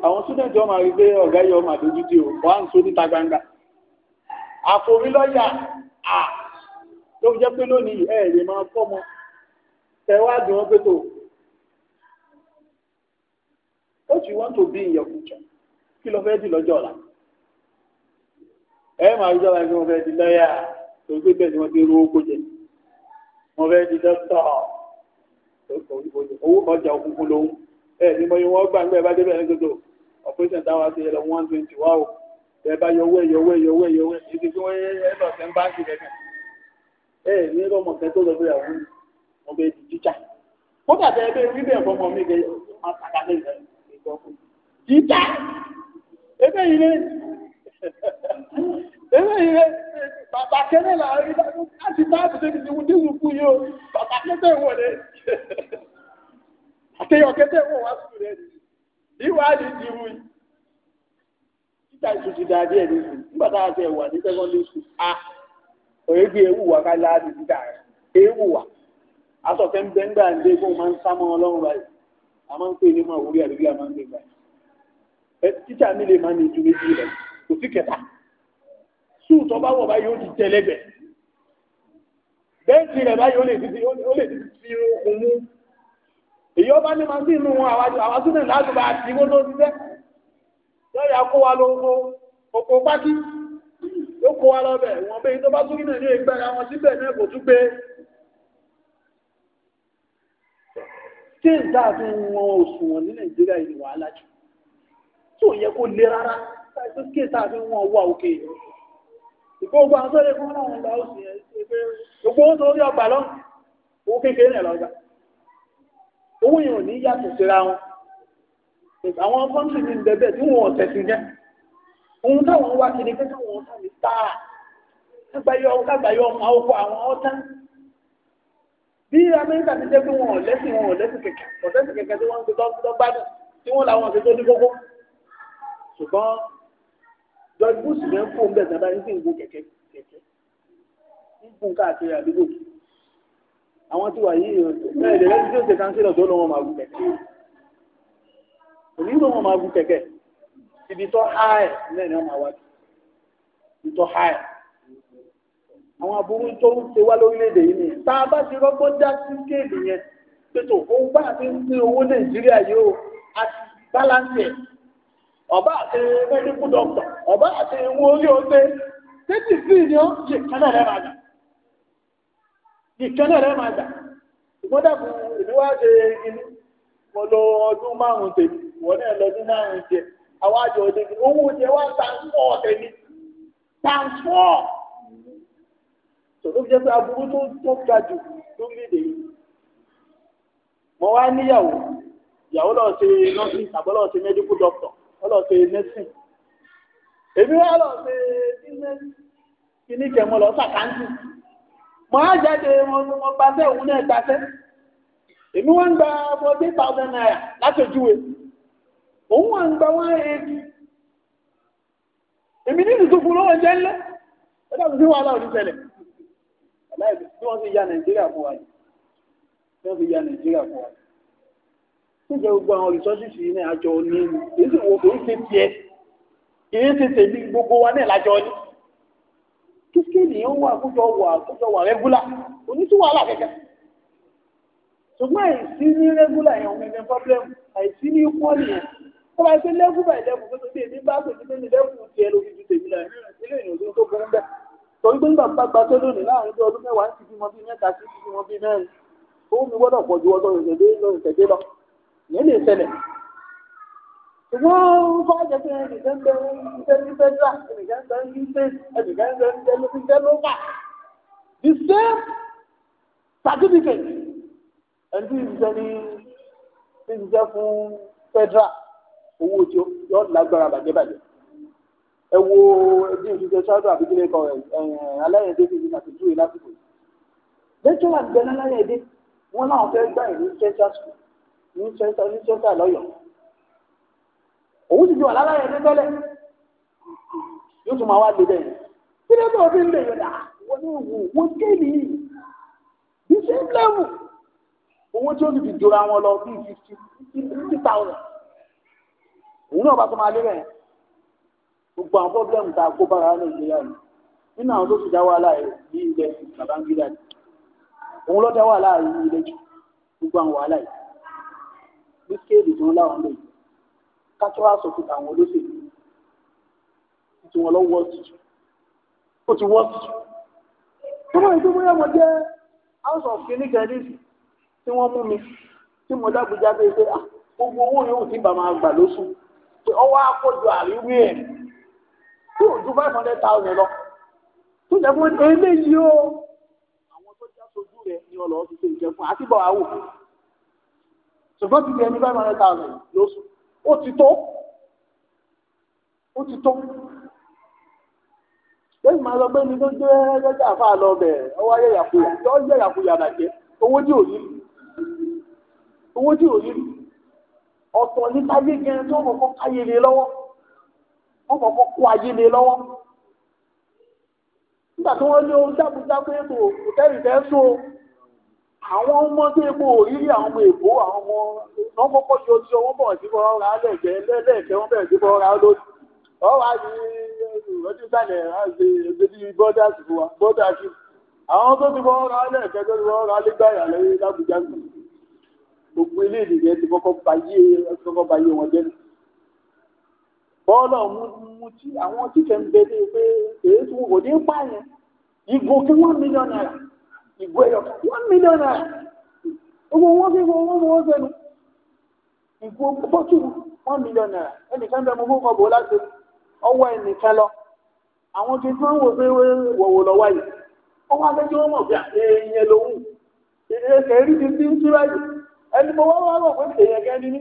Speaker 1: àwọn student ọmọ rí pé ọ̀gá yìí ọmọ àdójú tí o wà ń sóni ta gbangba àforí lọ́yà à ló fi jẹ́ pé lónìí ẹ̀ẹ́dẹ̀ máa fọ́ mọ́ tẹwàá dùn wọn pé tó what you want to be in your future kí ló fẹ́ di lọ́jọ́ ọ̀la ẹ máa jọba ẹni wọn fẹ́ di lọ́yà tó gbé bẹ́ẹ̀ ni wọ́n ti rú owó kójẹ wọn fẹ́ di dókítà owó kan jà òkùnkùn lòun ẹ ní mo yẹ wọn gbà nígbà bá débẹ̀ ní gbogbo operation táwọn àti ẹlẹ one twenty wá o ẹ bá yọ owó ẹ yọ owó ẹ yọ owó ẹ yọ owó ẹ èdè tí wọn yẹ ẹ lọ sẹ ń báńkì rẹ kàn ẹ ní ọmọ kẹtọ lọ bí àwọn wọn bẹ di jíjà kódà tẹ ẹ bẹ rí bẹ́ẹ̀ fọmọ mi kẹ ọmọ àtàkàlẹ rẹ ìgbọ fún jíjà ebe yìí lé ebe yìí lé bàbá kẹlẹ là rí dájú láti bá àbùdé mi níwú dé wùkú yìí o bàbá kẹtẹ wọlé àtẹyọ kẹtẹ wọ wá sùn rẹ ìwádìí ti wù yìí títà ìtù ti da díẹ̀ nínú nígbà tá a ti ẹ̀wà ní secondary school a òye gbé ewu wa ká láti dídà rẹ̀ ewu wa asọ̀fẹ́ ń bẹ́ ń gbà ń dé fún máa ń sá mọ́ ọlọ́run báyìí a máa ń pè ní màwúrí àdúgbò a máa ń pè gbà ẹ títà mi lè máa ní ju méjì rẹ kò sí kẹta sùn tó bá wọ̀ báyìí ó ti tẹ̀lẹ́gbẹ̀ bẹ́ẹ̀ ti rẹ̀ báyìí ó lè ti fi okùn mú èyí ọba ní màá sí inú wọn àwa tún náà láti bá a ti mọ́tò ṣiṣẹ́ lọ́ọ̀yà kó wa lọ oko pákí ó kó wa lọ bẹ̀ wọ́n bẹ́ẹ̀ tó bá tún kí náà ní ìgbà àwọn síbẹ̀ náà kò tún gbé tí ìdá àti wọn òṣùwọ̀n ní nàìjíríà yìí wàhálà jù tí ò yẹ kó lé rárá tí ìdá àti wọn wà òkè yìí ìgbógun àwọn sọ́dẹ̀ fún àwọn ọgbà òsì yẹn gbogbo owó tó ọgbà lọ owó kékeré náà lọ́gbà owó yẹn ò ní yàtọ̀ síra wọn àwọn kọ́ńtì ní bẹ̀bẹ̀ tí wọn ò tẹ̀sí jẹ́ ohun táwọn wá kiri pé káwọn ọ̀tá mi tààrà kágbáyé ọmọ àwọn àwọn ọ̀tá bí amẹ́ríkà ti jẹ́ pé wọn ò lẹ́sìn wọn ò lẹ́sìn kẹ̀kẹ́ ọ̀sẹ̀sìn kẹ̀kẹ́ tí wọ́n ń tó tó gbádùn tí wọ́n làwọn ṣe tó ní kókó ṣùgbọ́n george bush lè ń fò ń bẹ̀ sábà ń sì ń gun kẹ̀kẹ́ kẹ̀kẹ́ ń gun káàkiri àdúgbò àwọn tí wà yìí bẹ́ẹ̀ lè lẹ́sìn tí ó ṣe kánsílọ̀ tó lọ́wọ́ máa gun kẹ̀kẹ́ òní lọ́wọ́ máa gun kẹ̀kẹ́ ibi tó háà ẹ̀ náà ni wọ́n máa wá ibi tó háà àwọn aburú tó ń ṣe wá lórílẹ̀‐èdè yìí ni tá a bá ti rọ́gbọ́n dá sí kéèdì yẹn pẹ̀tọ̀ òun bá ti ń pín owó nàìjíríà yìí o àti báláǹsì ẹ̀ ọba àti mẹ́díkù dọ́kítọ̀ ọba àti ìwọ orí ọ̀sẹ̀ tẹ́tì sí ni ó yè kánà rẹ̀ máa gbà yè kánà rẹ̀ máa gbà ìgbọ́n dàbí ìníwájú ìní mo lọ ọdún márùn-ún tèmi wọ́n náà lọ́dún márùn-ún jẹ àwọn àjọ òde owó jẹ wá tàǹfọ̀ tòtò jẹ́ pé aburú tó tó ga jù tó ń lédè yìí mo wá níyàwó ìyàwó lọ́ọ́ ṣe nọ́ọ̀sìn tàbọ́ lọ́ọ́ ṣe mẹ́díkù dọ́kítọ̀ ọ lọ́ọ́ ṣe nẹ́sìn èmi wá lọ́ọ́ ṣe bísínẹ́sì kíní kẹ mo lọ sàkáńtì mo á jáde mo mo gbàṣẹ òun náà gbàṣẹ èmi wọ́n ń gba forty thousand naira látòjúwe òun wọ́n ń gba one eighty èmi ní ìdìtò lọ́wọ́ jẹ́ ńlẹ́ ó dàbí sí wàhálà òní ṣẹlẹ̀ láì tí wọ́n fi ya nàìjíríà fún wa yìí tí wọ́n fi ya nàìjíríà fún wa yìí. níjẹ́ gbogbo àwọn resources yìí náà àjọ ní ẹni èyí sì wo kò ń ṣe tiẹ̀ èyí sì tèmi gbogbo wa náà lájọ ní. kíkí nìyẹn wà àkójọ wà àkójọ wà rẹ́gúlà onítú wàhálà kẹ̀kẹ́. ṣùgbọ́n àìsí ní rẹ́gúlà yẹn òun ìyẹn pọ́blẹ́mù àìsí ní pọ́ọ̀lì yẹn tó bá ṣe lẹ́gùn báyìí lẹ́gùn tó tó bí èmi bá pèsè torí pé nígbà bá gbaṣẹ́ lónìí láàrin tó ọdún mẹ́wàá ń ti bímọ bíi mẹ́ta sí ti bímọ bíi mẹ́rin owó mi gbọ́dọ̀ pọ̀ ju ọdún ìṣẹ̀dé lọ́rùn ìṣẹ̀dé lọ ìyẹn lè ṣùgbọ́n bá jẹ́ pé ẹnìkan bẹ ẹnìkan ní fẹ́dúrà ẹnìkan bẹ ní state ẹnìkan bẹ ní jẹ́lógúnjẹ́ lókà the same certificate ẹni tí ìṣiṣẹ́ ní ìṣiṣẹ́ fún fẹ́dúrà owó tí yọ lágbára bàjẹ́ ẹ wo ẹbí òṣìṣẹ́ ṣáájú àbíkílẹ̀ kọ aláyẹ̀dẹ́ bíi nígbà tó dúró lásìkò yìí lẹ́tọ́rà gbẹ̀lá aláyẹ̀dẹ́ wọn náà fẹ́ gbà ní central school ní central ní central lọ́yọ̀ òun ti di wà láláyẹ̀dẹ́ tẹ́lẹ̀ yóò tún máa wá lé bẹ́ẹ̀ kí ló tó fi ń lè yọ̀dà ah, wọn ní wò wọ́n kéèlì yìí the same level owó tí ó ti fi jọra wọn lọ bíi fifty fifty thousand òun náà bá tó máa lé bẹ́ẹ̀ gbogbo àwọn pọ́blẹ́mù tá a kó bára nàìjíríà yìí nínú àwọn tó ti dá wàhálà yìí ní Babangida òun dá ní jù gbogbo àwọn wàhálà yìí ní skéèlì tí láwọn yìí fún àwọn olóṣèlú tí ti tó house of kini tí wọ́n mú mi tí mo dágbèjà pé pé ah, gbogbo owó yòówù tí ò ju five hundred thousand lọ tó jẹ́ fún o àwọn tó já sojú rẹ̀ ni ọlọ́wọ́ fi ṣe ìjẹ fún àti bọ̀ àwò ṣùgbọ́n ti di ẹni five hundred thousand lóṣù ó ti tó ó ti tó lẹ́yìn máa lọ pé ní tó jẹ́ jẹ́jẹ́ àfa lọ bẹ̀ ọwọ́ ayé yàkuyà tó jẹ́ yàkuyà bàjẹ́ owó tí ò ní owó tí ò ní ọ̀tọ̀ ní káyé gan tó mọ̀ káyé lé lọ́wọ́ wọ́n kọ́kọ́ kó ayé lé lọ́wọ́ nígbà tí wọ́n lé ohun jákujáku ètò òtẹ́rì fẹ́ so àwọn ọmọ tó epo òrírí àwọn ọmọ èkó àwọn ọmọ wọn kọ́kọ́ yọ sí ọwọ́ bọ̀ sí wọn ra lẹ́ẹ̀kẹ́ lẹ́ẹ̀kẹ́ wọn bẹ̀rẹ̀ sí wọn ra lórí ọwọ́ àti ọdún sálẹ̀ àti ẹgbẹ́ bọ́dà sí wa bọ́dà sí àwọn tó ti wọn ra lẹ́ẹ̀kẹ́ tó ti wọn ra lẹ́gbàáyà lẹ́yìn jákujáku gbogbo ilé ìdìbò ti kọ́kọ́ bayé wọn jẹ́ nù bọ́ọ̀lù ọ̀mú tí àwọn tíkẹ̀ ń bẹ̀rẹ̀ pé èyí tí kò dé pààyàn ìgò kí one million naira ìgò ẹ̀yọ̀ one million naira owó wọn fi wọn wọn wọn sẹnu ìgò bọ́tù one million naira ẹnìkan bẹ mo fún ọkọ̀ bò láti ọwọ́ ẹnìkan lọ àwọn tí wọ́n wò pé wọ̀wọ̀ lọ́wọ́ yìí ó wá fẹ́ kí wọ́n mọ̀ bí èèyàn lòun èèkè rí ti ti ń tí báyìí ẹni mo wá wá wọ̀ pé èèyàn kẹ́ni ní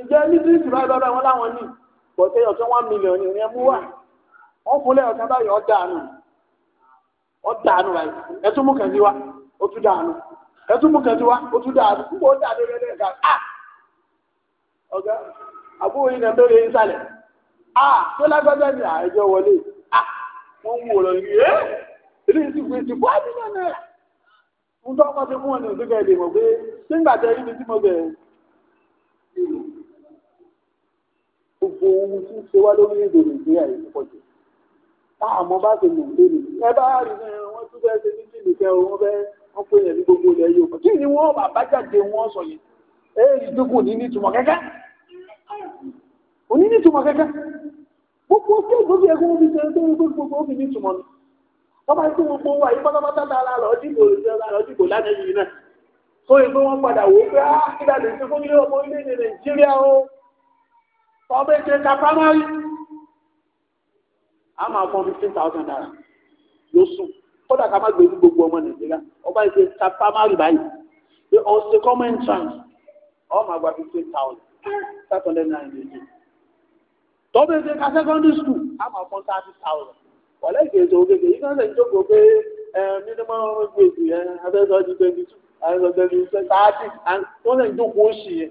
Speaker 1: ìjẹ́ ní ti ń tì báyìí lọ́dọ̀ wọn láwọn ní bọ̀tẹ́ ọ̀tọ́ one million yẹn mú wá wọ́n fún lẹ́yìn ọ̀tá báyìí ọ̀ dànù ọ̀ dànù báyìí ẹ mú kẹ́sí wá ó tún dànù ẹ mú kẹ́sí wá ó tún dànù púpọ̀ ó dànù lẹ́lẹ́ ga a ọ̀gá àbúrò yìí nà lórí sálẹ̀ a ah! tó lágbájá ni àìjọ ah, wọlé a ah! wọ́n ń wò yìí ẹ́ ilé yìí ti fi ti bọ́ àdínà náírà ń tọ́ ọkọ̀ ti fún wọn ní òṣìkẹ́ ìdìbò pé gbogbo ohun tí ń ṣe wá lórílẹ̀-èdè nàìjíríà yìí ti pọ̀jù táàmọ́ bá ti lò lé mi ẹ bá rí i wọ́n tún fẹ́ ṣe títí nìkẹ́ o wọ́n fẹ́ wọ́n pè yẹn ní gbogbo ilẹ̀ yìí o kí ni wọ́n àbájáde wọn sọ yìí èyí dínkù ní nítumọ̀ kẹ́kẹ́ òní nítumọ̀ kẹ́kẹ́ gbogbo kí ìgbóbi ẹgbẹ́ omi ṣe ń tó gbogbo omi nítumọ̀ ni wọ́n bá tún gbogbo wa yìí pátápátá ta la lọ dìbò lọ dìbò lánàá yìí náà tó yẹ pé wọ́n padà wò ó pé á ah, kí ọmọ ètò ẹ̀ka primary a máa fọ fifteen thousand naira lóṣù kódà ká má gbèsè gbogbo ọmọ nàìjíríà ọba ètò ẹ̀ka primary báyìí pé ọ̀sẹ̀ common entrance ọmọ àgbà fifteen thousand five hundred naira lóṣù tọ́bẹ̀ ètò ẹ̀ka secondary school a máa fọ thirty thousand wọ̀lẹ́ ìgbésẹ̀ òkèké yìí kan sẹ́yìn jókòó pé minimum gbèsè abẹ́sọ̀ di twenty two abẹ́sọ̀ twenty two thirty and wọ́n sẹ́yìn jókòó ó yẹn.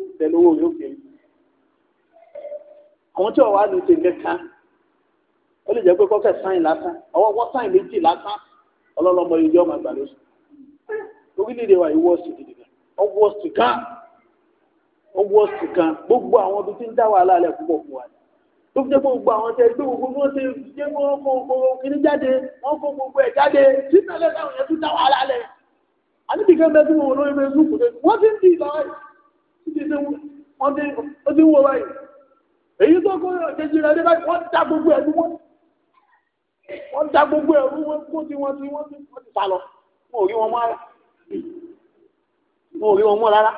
Speaker 1: bẹ lọ́wọ́ olóògbé àwọn tí ọ̀wá ni ti kẹta ó lè jẹ́ pé kọ́kẹ́ sáìn lásán ọwọ́ wọ́n sáìn méjì lásán ọlọ́lọ́mọ yìí yọ́ máa gbà lóṣù orílẹ̀-èdè wa yìí wọ́ọ̀sì gidi gan ọwọ́ọ̀sì kan ọwọ́ọ̀sì kan gbogbo àwọn ibi tí ń dá wàhálà alẹ́ púpọ̀ fún wa tó fi jẹ́ pé gbogbo àwọn tẹ gbé gbogbo wọn ṣe jẹ́ wọ́n kó gbogbo kìíní jáde wọ́n kó gbogbo ẹ̀ jáde títẹ̀lẹ́ táwọn yẹn tún dá wàhálà alẹ́ àníbi kan bẹ́ẹ̀ tí wọn olóyún bẹ́ẹ̀ sùn kù ó ti ń báyìí èyí tó kó jẹjì rẹ̀ báyìí wọ́n dá gbogbo ẹ̀rú wọn wọ́n dá gbogbo ẹ̀rú wọn kó tí wọ́n ti wọ́n ti wọ́n lọ wọn ò rí wọn mú ara wọn ò rí wọn mú rárá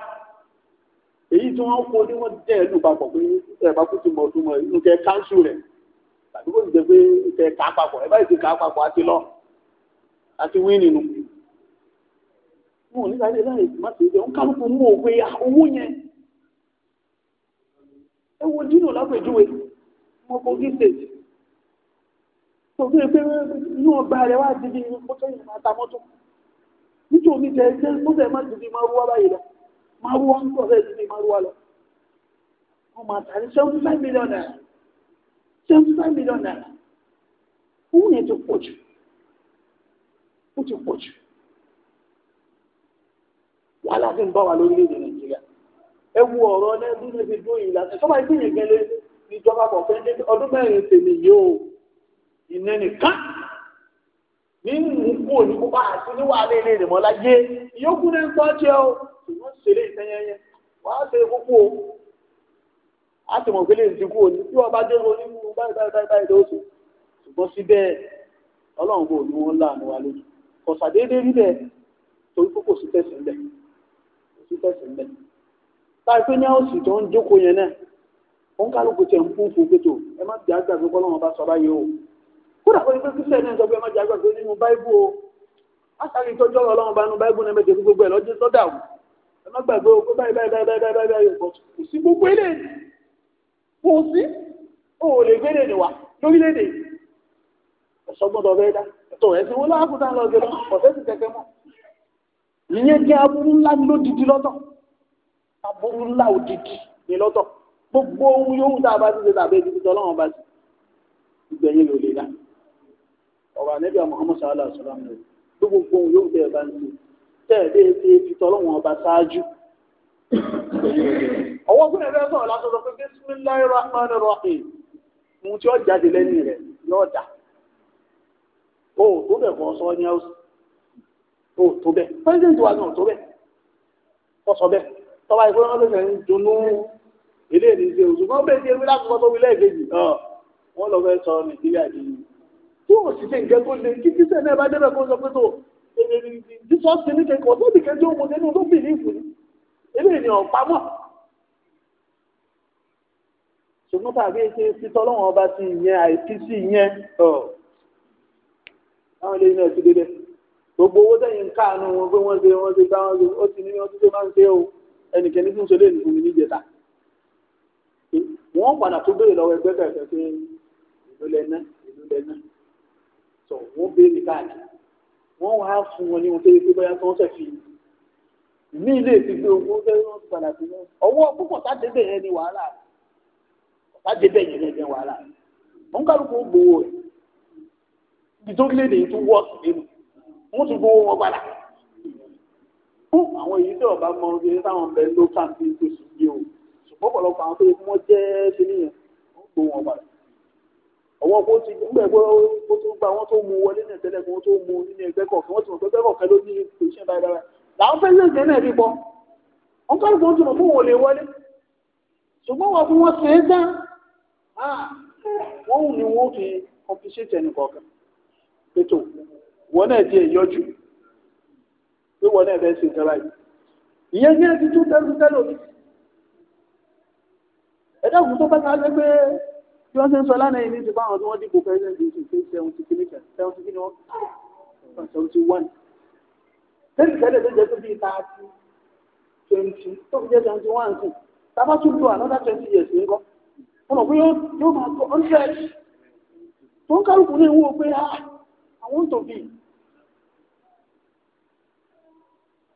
Speaker 1: èyí tí wọ́n kó ní wọ́n dẹ̀ ẹ̀lú papọ̀ pé ẹ̀ bá kú ti mọ̀ ọdún mọ̀ inú káńsù rẹ̀ tàbí kó ti jẹ pé kẹ ká papọ̀ ẹ báyìí ti ká papọ̀ wọn ò ní sáré láì má ṣe jẹun kálukú mú òwe owó yẹn ẹ wo dínú lápèjúwe wọn kò ní sèjì tó gbé pé inú ọgbà rẹ wá di bí mọ́tò yìí máa ta mọ́tò nítorí jẹ jẹ tó bẹ̀ má di bí máa rú wá báyìí lọ máa rú wá ń tọ́ fẹ́ di bí máa rú wá lọ wọn máa tà ní seventy five million naira seventy five million naira owó yẹn ti pọ̀ jù ó ti pọ̀ jù wàhálà sì ń bọ̀ wá lórílẹ̀-èdè nàìjíríà ẹ wo ọ̀rọ̀ ọlẹ́dún ní fi dún ìlà tó bá gbé yẹn gẹ́lẹ́ ìjọba kọ̀ fẹ́ ọdún mẹ́rin tèmi yóò ìnẹ́ nìkan ní ìmúkú òní kópa àti ní wàhálà ilé ìrìnmọ́ láyé ìyókù ní nǹkan jẹ́ o ṣùgbọ́n ṣeré ìtẹ́yẹyẹ wàá ṣe kókó o á ti mọ̀ pé lè dínkù òní dé onímú báyìí báyìí báyìí lóṣù ṣùgbọ́n síbẹ̀ ọlọ́run kò ní wọn láàánú wa lójú kọ̀sàdédé rí bẹ́ẹ̀ torí kókò sí tẹ̀sí bẹ́ẹ̀ sí tẹ̀sán bẹ́ẹ̀. táà pé ní àwòsì tó ń jókòó yẹn náà ó ń kálukú tẹ̀ ń fún fún pétò ẹ má jẹ́ àgbàgbé kọ́ lọ́wọ́ bá sọ báyìí o kódà pé pé kíṣẹ́ náà sọ pé ẹ má jẹ́ nínú báíbù o látàrí ìtọ́jú ọ̀rọ̀ ọlọ́run bá nu báíbù náà mẹ́jẹ fún gbogbo ẹ̀ lọ́jọ́ sọ́dà o ẹ má gbàgbé o pé báyìí báyìí báyìí báyìí báyìí kò sí gbogbo ilé kò sí o ò lè gbélé ni wà lórílẹ̀-èdè ẹ̀sọ́gbọ́n tó fẹ́ dá ẹ̀tọ́ ẹ̀sìn wọn láàkútà lọ́ọ́ ìyẹn jẹ́ aburú ńlá ní lódìdí lọ́tọ̀ aburú ńlá òdìdí ní lọ́tọ̀ gbogbo ohun yòówù tá a bá ti ṣe tàbí ibi títọ́ lọ́wọ́n bá ti gbẹ̀yìn ló lè dá ọ̀rọ̀ ànẹ́bí Muhammad sallallahu alaihi wasallam gbogbo ohun yòówù tẹ́ ẹ bá ń ṣe tẹ́ ẹ bẹ́ẹ̀ ṣe títọ́ lọ́wọ́n ṣáájú ọwọ́ fún ẹ̀rẹ́ sọ̀rọ̀ látọ̀tọ̀ pé bismillahir rahmanir rahim ohun tí ó jáde lẹ́nu rẹ̀ yóò dà ó tó bẹ̀ fọ́ sọ ní ọ̀sán ó tó bẹ́ẹ̀ president wa náà tó bẹ́ẹ̀ wọ́n sọ bẹ́ẹ̀ tọ́ba ìfowópamọ́ wọn lọ́sẹ̀ ń dunnú ilé ìní ṣe oṣù kan bẹ́ẹ̀ ṣe wí láti kọ́ tó wí lẹ́ẹ̀kejì wọ́n lọ fẹ́ sọ nàìjíríà di tí ò sì ṣe nǹkan tó le kí tí sẹ́ni ẹ bá débẹ̀ kó sọ pé tó jísọ́ ti ní kẹ́kọ̀ọ́ tó nìkan tó mo nínú tó bì ní ìfún ilé ìní ọ̀pamọ́ ṣùgbọ́n tàbí ṣe títọ́ ọba ti ìyẹn àìsí sí ìyẹn àwọn gbogbo owó tẹ̀yìn káàánú wọn pé wọ́n ṣe wọ́n ṣe bá wọn ṣe ó ti ní wọ́n ti ṣe máa ń ṣe o ẹnìkẹ́ni tí ń ṣe lè ní fún mi níjẹta wọ́n padà tó béèrè lọ́wọ́ ẹgbẹ́ kẹ̀kẹ́ pé ìlú lẹ́nà ìlú lẹ́nà tó wọ́n béèrè káàkiri wọ́n wá fún wọn ní wọn tẹ́lẹ̀ pé báyà tó ń ṣẹ̀ fi ní ilé ìfìgbé owó tẹ́lẹ̀ wọ́n ti padà sí náà ọwọ́ púpọ̀ sádébẹ̀ yẹn ni wàhálà sádébẹ̀ yẹn ni ẹ̀jẹ̀ wàhálà mọ̀ ń kálukú gbowó rẹ̀ ibi tó lé nìyí tó wọ́ọ̀sì nínú wọ́n ti gbowó wọn padà fún àwọn èyí tí ọba mọ ibi táwọn bẹ ló kàǹtì tó sì yé o ṣùgbọ́n ọ̀pọ̀lọpọ̀ àwọn tó yẹ kí wọ́n jẹ́ ṣe nìyẹn wọ́n gbowó wọn padà ọwọ́ kó ti gbẹ́ pé ó tún gba wọ́n tó mu wọlé náà tẹ́lẹ̀ kí wọ́n tó mu nínú ẹgbẹ́ kọ̀ọ̀kan wọ́n ti mọ̀ pé ẹgbẹ́ kọ̀ọ̀kan ló ní pòṣẹ́ dáadáa làwọn fẹ́ wọn náà di èyọjú pé wọn náà fẹ́ẹ́ ṣe nǹkan báyìí ìyẹn ní ẹbí tún tẹlu tẹlu ẹ̀dá òkú tó bàtà lé pé bí wọn ṣe ń sọ lánàá yìí ní ti báwọn tí wọn dìbò president yìí ti seven ti kìíní kan seven ti kìíní wọn seven ti one tẹ́lẹ̀ tẹ́lẹ̀ tó jẹ́ tó bíi thirty twenty tó fi jẹ́ twenty one sí tábà tún lo another twenty years ní kọ́ wọn mọ̀ pé yóò máa tó hundred tó ń kálukú ní ìwúwo pé àwọn tó bíi.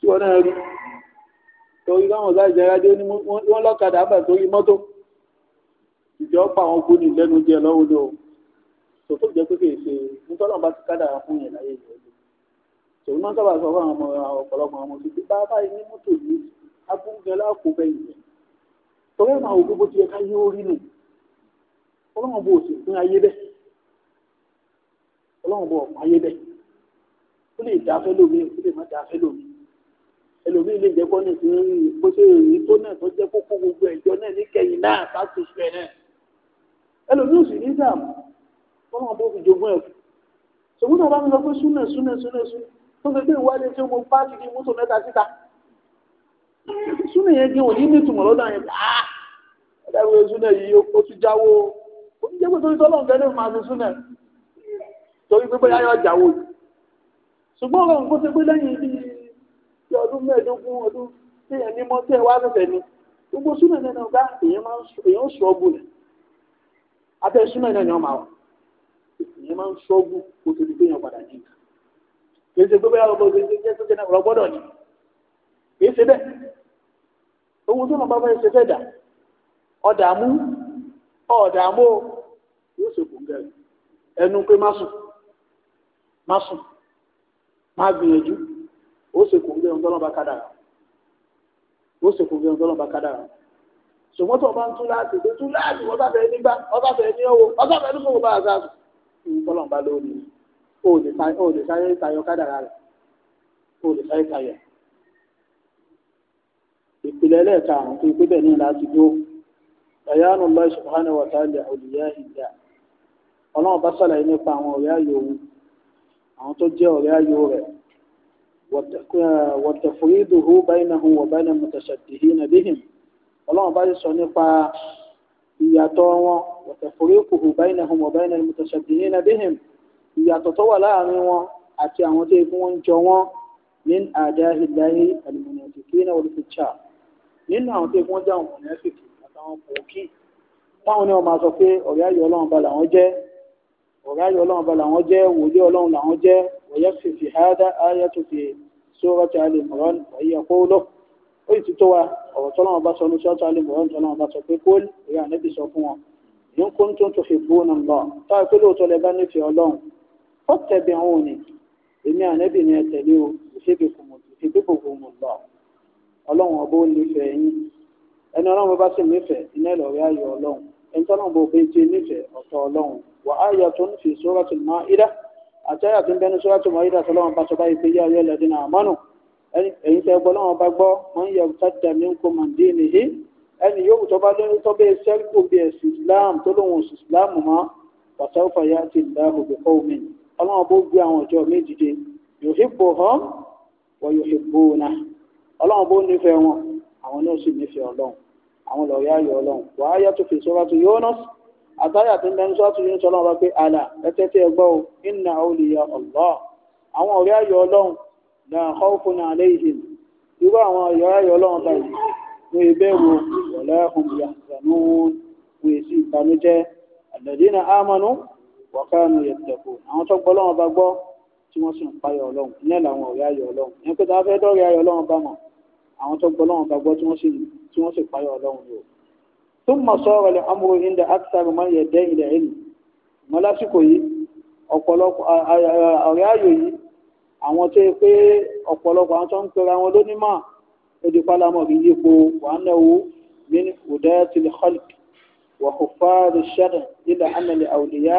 Speaker 1: tí wọn náà rí torí káwọn ọ̀gá ìjọba dé ní wọ́n lọ́kadà àbà torí mọ́tò ìjọ pa àwọn kú ní lẹ́nu díẹ̀ lọ́wọ́ lọ tòtò jẹ́ pé kì í ṣe nítorí wọn bá ti kádà fún yẹn láyé ìjọ yìí tòun máa ń sábà sọ fún àwọn ọ̀pọ̀lọpọ̀ àwọn ọmọ tuntun bá báyìí ní mọ́tò yìí abúgbẹ́ láàkó bẹ́yìn rẹ̀ torí àwọn òkú bó ti yẹ ká yóò rí nù ọlọ́run bó sì fún ayé bẹ́ẹ̀ ọlọ́run bó ọ̀pọ̀ ayé bẹ́ẹ̀ ó lè dáfẹ́ lómi ó lè má dáfẹ́ lómi ẹlòmíì lè jẹ́ kọ́ ní ìsinmi rí bó ṣe rí tó náà tó jẹ́ kókó gbogbo ẹ̀jọ́ náà níkẹyìn náà bá ti sùn ẹ̀ náà ẹlòmíì sì ní dààmú wọn máa bó fi jogún ẹ̀ ṣòwúrọ̀ bá mi lọ pé súnà súnà súnà súnà tó fi gbé ìwádìí tí mo bá ti di mọ́tò mẹ́ta síta súnà yẹn gé òní ní ìtumọ̀ lọ́dọ̀ yẹn ah ẹ̀dá ìwé súnà yìí ó ti jáwó ó ti jẹ́ pé torí tọ́lọ́ torí pé bóyá yọ jà wò ṣùgbọ́n ọ̀rọ̀ nǹkan ṣe pé lẹ́yìn ibi tí ọdún mẹ́ẹ̀ẹ́dógún ọdún téèyàn ní mọ́tò wá fẹ́fẹ́ ni gbogbo súnà náà náà èèyàn máa ń sọ́ọ̀bù rẹ̀ abẹ́ súnà náà ni wọ́n èèyàn máa ń sọ́ọ̀bù kó pé èèyàn padà jìnnà kì í ṣe gbogbo jẹ́ sókè náà ni kì í ṣe bẹ́ẹ̀ ohun tó máa bá ṣe fẹ́ dà ọ̀dààmú ọ̀dààmú ó sì kò ń gbé ohun tọ́lọ́ bá kádàrà ó sì kò ń gbé ohun tọ́lọ́ bá kádàrà ṣùgbọ́n tó bá ń tún láti tó tún láti wọ́n sáfẹ́ nígbà wọ́n sáfẹ́ ní owó wọ́n sáfẹ́ ní kókó bá a ń tọ́lọ̀ bá lórí o ò lè sáré tayọ kádàrà rẹ̀ o ò lè sáré tayọ. ìpìlẹ̀ ẹlẹ́ẹ̀ka àwọn tó pé bẹ́ẹ̀ ní láti dó ẹ̀yánu lọ subhanahu wa ta'ala olùyá ìjà ọlọ́run bá sàlàyé nípa àwọn ọ̀rẹ́ ayò òun àwọn tó jẹ́ wọ̀tẹ̀fúrídùhù báyìnàhùn wọ̀báyìnà mùtẹ̀sẹ̀dìhìn bíhìn ọlọ́run bá ti sọ nípa ìyàtọ̀ wọn wọ̀tẹ̀fúríkùhù báyìnàhùn wọ̀báyìnà mùtẹ̀sẹ̀dìhìn bíhìn ìyàtọ̀ tó wà láàrin wọn àti àwọn tó ikú wọn jọ wọn ní àdáhìláyé àlùmọ̀nàfìkì náà wọlé fìjà nínú àwọn tó ikú wọn jẹ́ àwọn mọ̀nàfìkì àtàwọn pòókì táwọn ní wọn máa sọ pé ọ̀rẹ́ ayọ̀ ọlọ́run ba làwọn jẹ́ ọ̀rẹ́ ayọ̀ ọlọ́run ba làwọn jẹ́ wòlíì ọlọ́run làwọn jẹ́ ويكفي في هذا آية في سورة آل عمران وهي قوله oyi ti tó wa ọ̀rọ̀ tọ́lá wọn bá sọ ní sọ́ọ́tà alimọ̀rán tọ́lá wọn bá sọ pé kóòl ìyá ànábì sọ fún wọn yín kó ń tó ń tó fi gbóná lọ táwọn pé lóòótọ́ lẹ bá nífẹ̀ẹ́ ọlọ́run ó tẹ̀bi àwọn òní èmi ànábì ni ẹ tẹ̀lé o ìfipé gbogbo mọ̀ lọ ọlọ́run ọba ó nífẹ̀ẹ́ yín ẹni ọlọ́run bá sì nífẹ̀ẹ́ iná ìlọ̀rí ayọ̀ ọlọ́run ẹni tọ́lá wọn bó pé ti nífẹ̀ẹ́ ọ̀tọ̀ ọlọ́run wà á yà tó ń fi suratul Ma'idah àtẹ́yà tó ń bẹnu sọ́wọ́tò mọ́ ìdá tọ́lọ́wọ́n bá sọ báyìí pé yá ayọ́ lẹ́dínà àmọ́nù ẹ̀yin tẹ́ gbọ́ lọ́wọ́n bá gbọ́ mọ́ ń yẹ òtítà mi ń kó mọ̀ dín nìyí ẹni yóò tó bá lóyún tó bẹ́ẹ̀ sẹ́kù bí ẹ̀sìn Islam tó lóun òsì Islam mọ́ wàtẹ́wọ́fà yá ti ń dáàbò bí kọ́ omi ọlọ́wọ́n bó gbé àwọn ọjọ́ méjìdé yòhìbò hàn wọ yòhìbò náà ọlọ́wọ́n bó nífẹ̀ẹ́ àtàyà tó ń bẹ ń sọ àtúnyẹ ń sọ lọ́wọ́ pé àlà ẹtẹ́ tí ẹ gbọ́ o inna awliya Allah àwọn ọ̀rẹ́ ayọ̀ ọlọ́run la khawfun alayhim irú àwọn ọ̀rẹ́ ayọ̀ ọlọ́run báyìí wọn ì bẹ̀rù wala hum yahzanun wọn èsì ìbànújẹ́ alladhina amanu wa kanu yattaqun àwọn tó gbọ́ lọ́wọ́ bá gbọ́ tí wọ́n sì ń payọ̀ ọlọ́run ìyẹn làwọn ọ̀rẹ́ ayọ̀ ọlọ́run ثم صار الأمر عند اكثر من يدعي العلم wọn lásìkò yìí ọ̀pọ̀lọpọ̀ ọ̀rẹ́ ayò yìí àwọn tó yẹ pé ọ̀pọ̀lọpọ̀ àwọn tó ń pera wọn lónímọ̀ odi pálámọ̀ kì í yípo wàhánà wo min hudayatil khalq wa huffari shari ila amali awliya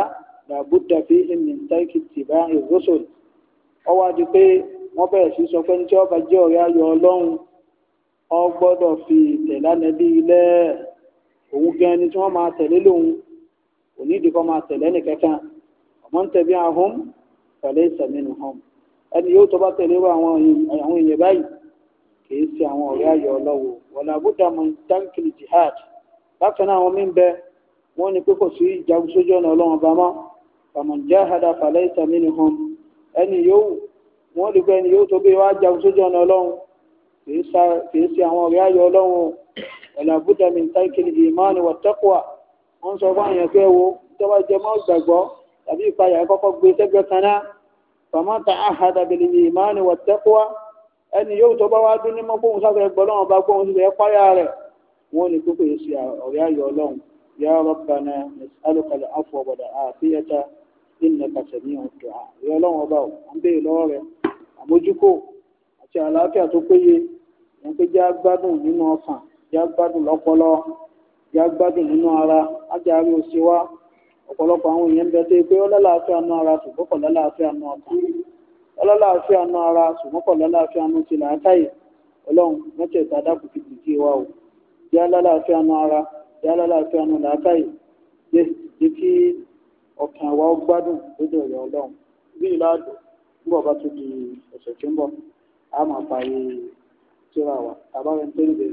Speaker 1: la budda fihim min tarki ittiba'i rusul ó wá di pé wọ́n bẹ̀rẹ̀ sí sọ pé ní tí ọba jẹ́ ọ̀rẹ́ ayò ọlọ́run ó gbọ́dọ̀ fi tẹ̀lá nẹbí ilẹ̀ òun gan ni tí wọ́n máa tẹ̀lé lòun kò ní ìdíkọ́ máa tẹ̀lé nìkankan ọmọ ń tẹ̀bí ahọ́n pẹ̀lẹ́ ìsẹ̀mínú hàn ẹni yóò tó bá tẹ̀lé àwọn èèyàn báyìí kìí ṣe àwọn ọ̀rẹ́ ayọ̀ ọlọ́wọ́ wọlé abúdá mọ̀ntànkìlì jihad bákan náà àwọn míín bẹ wọ́n ní pé kò sí ìjagun sójú ọ̀nà ọlọ́run bá mọ́ fàmọ̀jáhadà fàlẹ́ ìsẹ̀mínú hàn ẹni yóò wọ́n rí pé ẹni yóò tó bí wàá jagun sójú ọ̀nà ọlọ́run kìí ṣe àwọn ọ̀rẹ́ ayọ̀ ọlọ́run wala budda min tarkil iman wa taqwa wọ́n sọ fún àyàn pé wo tọ́wọ́ jẹ mọ́ gbàgbọ́ tàbí ìpayà kọ́kọ́ gbé sẹ́gbẹ́ kan náà fama ta'ahada bil iman wa taqwa ẹni yóò tó bá wá dún ní mọ́ bóun sáfẹ́ gbọ́ lọ́wọ́ bá gbóun sì fẹ́ páyà rẹ̀ wọ́n ní kókò yìí sí ọ̀rẹ́ ayọ̀ ọlọ́run ya rabbana nas'aluka al-afwa wal afiyata innaka sami'ud ọlọ́run ọba ò ń lọ́wọ́ rẹ̀ àmójúkò àti àlàáfíà tó péye ìyẹn pé jẹ́ agbádùn nínú ọkàn já gbádùn lọ́pọlọ já gbádùn nínú ara ájáre òsè wa ọ̀pọ̀lọpọ̀ àwọn èèyàn ń bẹ tó pé ọlọ́láàfẹ́ àánú ara ṣùgbọ́n kọ̀ lọ́láàfẹ́ àánú ọkàn ọlọ́láàfẹ́ àánú ara ṣùgbọ́n kọ̀ lọ́láàfẹ́ àánú ti làákàyè ọlọ́run mẹ́tẹ̀ẹ̀ta dákù fi gbèjì wa o já lọ́láàfẹ́ àánú ara já lọ́láàfẹ́ àánú làákàyè jẹ́ kí ọkàn àwa ó gbádùn lójú ọ̀rẹ́ ọlọ́run bí ìlàdùn nígbà bá tún di ọ̀sẹ̀ tí ń bọ̀ a máa parí tíra wa àbáwẹ̀ ń tó níbẹ̀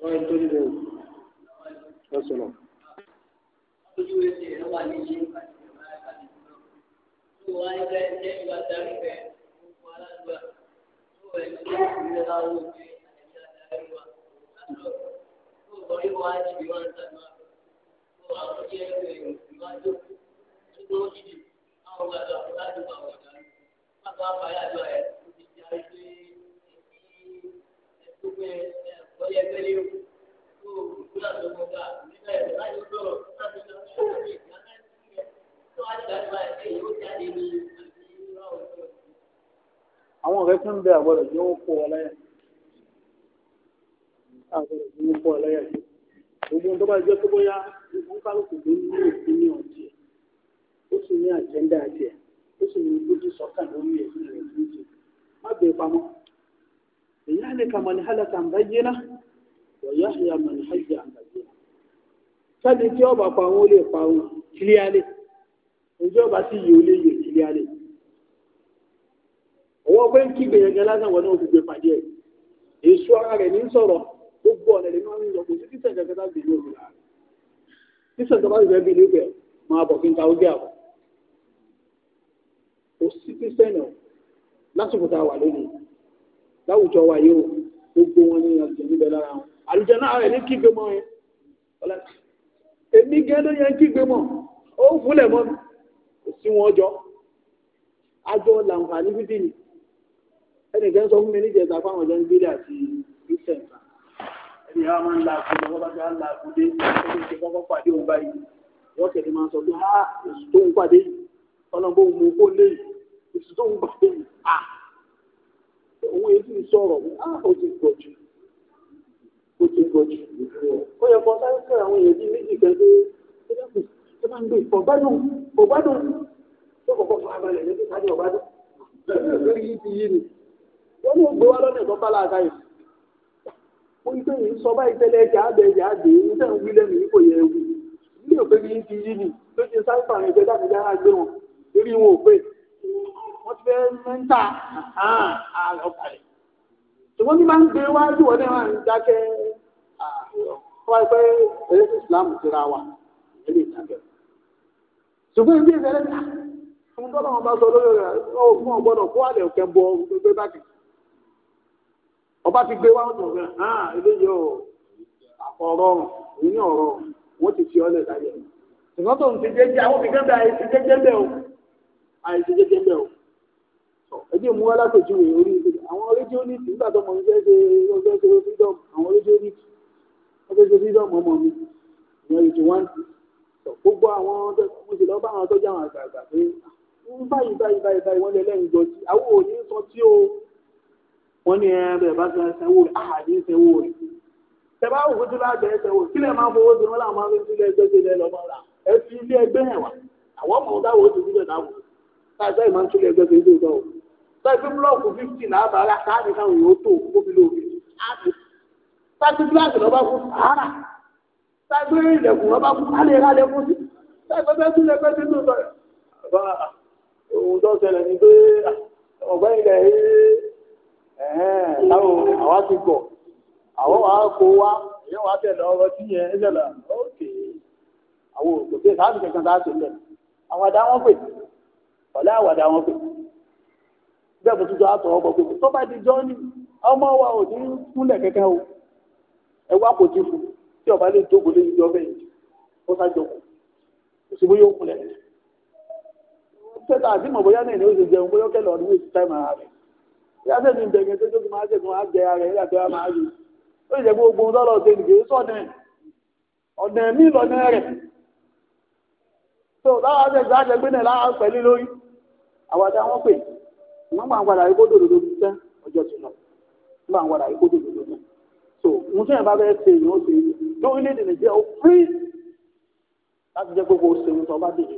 Speaker 1: àwọn ẹni tó ní bẹ́ẹ̀ lọ sọ̀rọ̀. ojú ẹsẹ̀ ẹ̀ wà ní ilé ìpàdé
Speaker 2: tó wá ní bẹ́ẹ̀ jẹ́ ìwà darí bẹ́ẹ̀
Speaker 1: gbogbo aládùúgbà tó
Speaker 2: ẹ̀ ní ìlú ìlú láwọ́
Speaker 1: òbí àti lọ́yẹ̀ tẹ́lẹ̀ tó gbogbo bẹ àgbọ̀dọ̀ jẹ́ ó kó ọ lẹ́yà àgbọ̀dọ̀ jẹ́ ó kó ọ lẹ́yà gbogbo tó bá jẹ́ tó bóyá ìfún kálukú ló ní ìpínlẹ̀ ọ̀jẹ̀ ó sì ní àjẹ́ńdà àjẹ́ ó sì ní ojú sọ́kà lórí ẹ̀sìn rẹ̀ lójú má bẹ̀ẹ́ pamọ́. لذلك من هلك عن بينة ويحيى من حي عن بينة sẹ́ni tí ọba pa àwọn olè pa àwọn kílíálé ojú ọba sì yìí olè yìí kílíálé ọwọ́ pé ń kí gbèyànjẹ lásán wọn náà fi gbé pàdé ẹ̀ èso ara rẹ̀ gbogbo ọ̀nà lè máa ń lọ kò sí títẹ̀ kẹta bí ní òbí láàrin títẹ̀ kẹta bí bẹ́ẹ̀ bí máa bọ̀ kí n ta ó gé àbọ̀ kò sí títẹ̀ náà lásìkò tá a wà lónìí láwùjọ wa yìí o gbogbo wọn ní àlùjọ níbẹ̀ lára wọn àlùjọ náà rẹ̀ ní kígbe mọ́ yẹn èmi gẹ́gẹ́ yẹn kígbe mọ́ ó fúnlẹ̀ mọ́ mi kò sí wọn jọ àjọ làǹfààní fídì ni ẹnìkan sọ fún mi níjẹta fáwọn ọjọ́ ń gbélé àti christian ẹni àwọn máa ń la àkùdé wọn bá ti ń la àkùdé ẹni tí kọ́kọ́ pàdé òun báyìí wọ́n kẹ̀lé máa sọ pé ah èsì tó ń pàdé yìí ọlọ́mọ òun mú kó lé yìí èsì òun èyí ti sọ̀rọ̀ ah, ó ti gbọ̀ jù ó ti gbọ̀ jù ó yẹ kó sáré sọ̀rọ̀ àwọn èèyàn méjì kan pé ó máa ń gbé ọ̀gbádùn ọ̀gbádùn tó kọ̀kọ́ fún abalẹ̀ ní kíkà ní ọ̀gbádùn lórí yìí ti yí ni wọ́n ní ògbé wa lọ́nà ìbọn bala àga mo ní pé yìí sọ báyìí tẹ́lẹ̀ ẹ̀jẹ̀ àgbẹ̀ ẹ̀jẹ̀ àgbẹ̀ èyí tẹ̀ ń wí lẹ́nu yìí kò yẹ ewu ní òpè yìí ti yí ni ló ti sáré fàmì ìgbẹ́ wọ́n ti fẹ́ mẹ́ńtà àárọ̀ ọ̀kàlẹ̀. ṣùgbọ́n bí máa ń gbé wájú wọlé máa ń dákẹ́ wá pé eré tí Islam ti ra wa ẹ lè dábẹ́. ṣùgbọ́n ibi ìṣẹ̀lẹ̀ ta fún tọ́lọ́ wọn bá sọ lórí rẹ̀ ó fún ọgbọ́dọ̀ kó àlẹ́ òkè bọ gbé bá kì. ọba ti gbé wájú ọ̀gbẹ́ hàn eléyìí ò ọ̀rọ̀ ìní ọ̀rọ̀ wọ́n ti fi ọlẹ̀ láyẹ̀. ṣùgbọ́n tó ń ti jẹ́jẹ́ àwọn òbí gẹ́gẹ́ àìsí ẹbí mu wá lápèjúwe orí àwọn rédíò ní ìgbà tó mọ̀ nígbà tó ọjọ́ tó freedom àwọn rédíò ní ọjọ́ tó freedom ọmọ mi ìyẹn ètò wọn ti gbogbo àwọn mo sì lọ bá àwọn tọ́jú àwọn àgbààgbà pé ń ah, báyìí báyìí báyìí báyìí wọ́n lé lẹ́yìn jọ sí àwọn òní sọ tí o wọ́n ní eh, ah, ẹ bẹ̀rẹ̀ bá fẹ́ sanwó rẹ̀ àhà ní sanwó rẹ̀ tẹ̀bá òkú tó láti ẹ̀ sanwó sílẹ̀ máa fowó sí láwọn máa fi sílẹ̀ ẹgbẹ́ sí ilẹ̀ lọ́mọ rà ẹ fi ilé ẹgbẹ́ hẹ̀ àwọn ọmọ ọ̀dáwò ó ti síbẹ̀ dáwò káàtó ìmọ̀ ń sílẹ̀ ẹgbẹ́ sí ilé ìdáwò bẹ́ẹ̀ bí búlọ́ọ̀kù fífítì náà bá rà káàdì káwọn yóò tó kóbi lóbi áàbì táàbí gíláàsì lọ́ bá fún sàárà táàbí ilẹ̀kùn lọ́ bá fún alẹ́ alẹ́ fún sí táàbí bẹ́ẹ̀ tún lẹ́ bẹ́ẹ̀ tún lọ́ sọ̀rọ̀ bá ohun tó ṣẹlẹ̀ ni pé ọ̀gbẹ́ni rẹ̀ ẹ̀hẹ́n táwọn àwa ti gọ̀ àwọn wàá kó wa èèyàn wàá tẹ̀lé ọ̀rọ̀ tí yẹn ń ṣẹlẹ̀ ókè àwọn òkòtè sáà bẹ́ẹ̀ mo tún jọ àtọ̀ ọmọ gbogbo tó bá di jọ́ọ́nì ọmọ wa ò ní kúnlẹ̀ kẹ́kẹ́ o ẹ kò tí fún tí ọba lè jókòó lé ìjọ bẹ́ẹ̀ ó sájọ kù kúnlẹ̀ mọ̀ bóyá náà ni ó jẹun bóyá ọdún ara rẹ̀ bẹ̀rẹ̀ tó máa á jẹ ara rẹ̀ máa yọ ó sì jẹ́ pé ogun tọ́lọ̀ ṣe nìgbè wọ́n gbà ń padà rí kódò lòdò ti tẹ́ ọjọ́ lọ wọ́n gbà ń padà rí kódò lòdò so mo sẹ́yìn bá bẹ́ẹ̀ ṣe ìyẹn ó ṣe lórílẹ̀‐èdè nàìjíríà ó pín láti jẹ́ gbogbo òṣèlú tó bá dèjì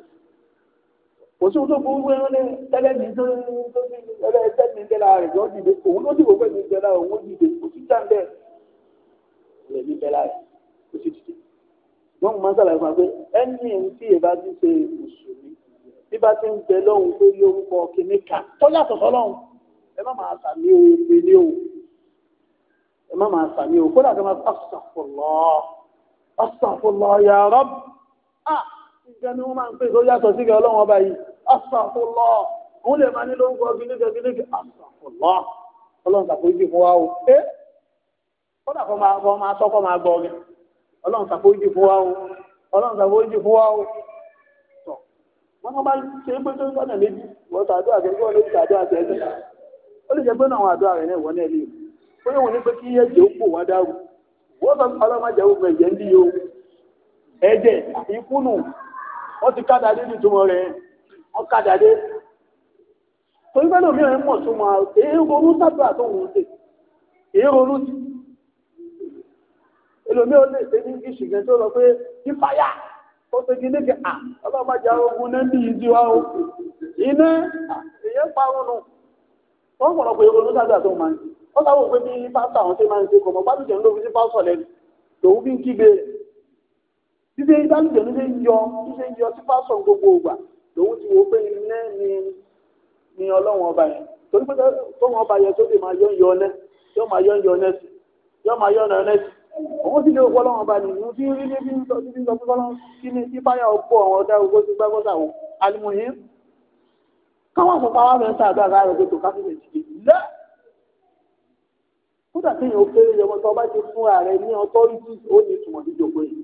Speaker 1: kò sí ohun tó burú wẹ́n lé tẹ́lẹ̀mí tó tẹ́lẹ̀mí tẹ́lá rẹ̀ yọ dìde òun ló dìbò pẹ̀lú ìjẹ́lá òun dìde kò sí jáǹdẹ̀ lẹ́mí tẹ́lá rẹ̀ kò sí dìde wọ́n mú mọ́sálà fún wa pé ẹni tí èbá ti ṣe mùsùlùmí bí bá ti ń bẹ lọ́hùn pé lórúkọ kìíní kan tó yàtọ̀ sọ́lọ́hùn ẹ má máa sàmì o èpè ní o ẹ má máa sàmì o kódà tó máa fi astaghfirullah astaghfirullah ya Rabb à ìjẹ ni wọ́n máa ń pè tó yàtọ̀ sí kẹ́ ọlọ́run ọba yìí astaghfirullah òun lè máa ní lórúkọ kìíní kan kìíní kan astaghfirullah ọlọ́run ṣàforíjì fún wa o ẹ kódà kọ́ máa sọ́kọ́ máa gbọ́ ọ wọn náà bá ṣe pé tó ń gbọ́dọ̀ méjì wọ́n tàdó àtẹ́gbẹ́ wọn ló ti tàdó àtẹ́gbẹ́ ó lè jẹ́ pé náà àdó ààrẹ náà wọ́n náà lè ó yẹ wọn ní pé kí ẹ̀jẹ̀ ó pò wá dáru wọ́n sọ pé ọlọ́mọ jẹ́ òkú ẹ̀jẹ̀ ń bí o ẹ̀jẹ̀ ìkúnnù wọ́n ti kádà dé nítumọ̀ rẹ̀ wọ́n kádà dé torí pé lómi rẹ̀ mọ̀ tó máa èé ronú sábà tó wù ú sè èé ronú sí ẹlòmí ó lè ṣe ní ìṣìgbẹ́ tó lọ pé ní fáyà ọ̀sẹ̀gì ní kí ọlọ́mọdé ogun náà bí ìdí wa o iná èyẹ parun nù wọ́n pọ̀lọ̀ pé olùsàgbà tó máa ń ó sáwọ́ pé bí pásítọ̀ àwọn tó máa ń ṣe kọ̀ mọ́ pásítọ̀ sí pásítọ̀ lẹ́nu tòun bí ń kígbe ṣíṣe ṣe ń yọ ń yọ sí pásítọ̀ gbogbo ògbà ni ni ọba yẹn torí pé tọ́wọ́n ọba yẹn tó lè máa yọ ń yọ yọ máa yọ ń yọ sí òun sì lè wọ́ lọ́wọ́ bá nìyí tí rí ní bí ń sọ bí ń sọ fún ọlọ́run kí ni tí báyà ọgbọ́ àwọn ọ̀dá ogbó ti gbá gbọ́dọ̀ àwọn alimuhi káwọn àpò pàwọn fẹ́ ń ta àdúrà rẹ̀ gbèsò káfíńsì ti lẹ́ kódà tí èèyàn kéré yọmọ tó bá ti fún ààrẹ ní ọtọ́rìtì ó ní ìtumọ̀ níjòkó yìí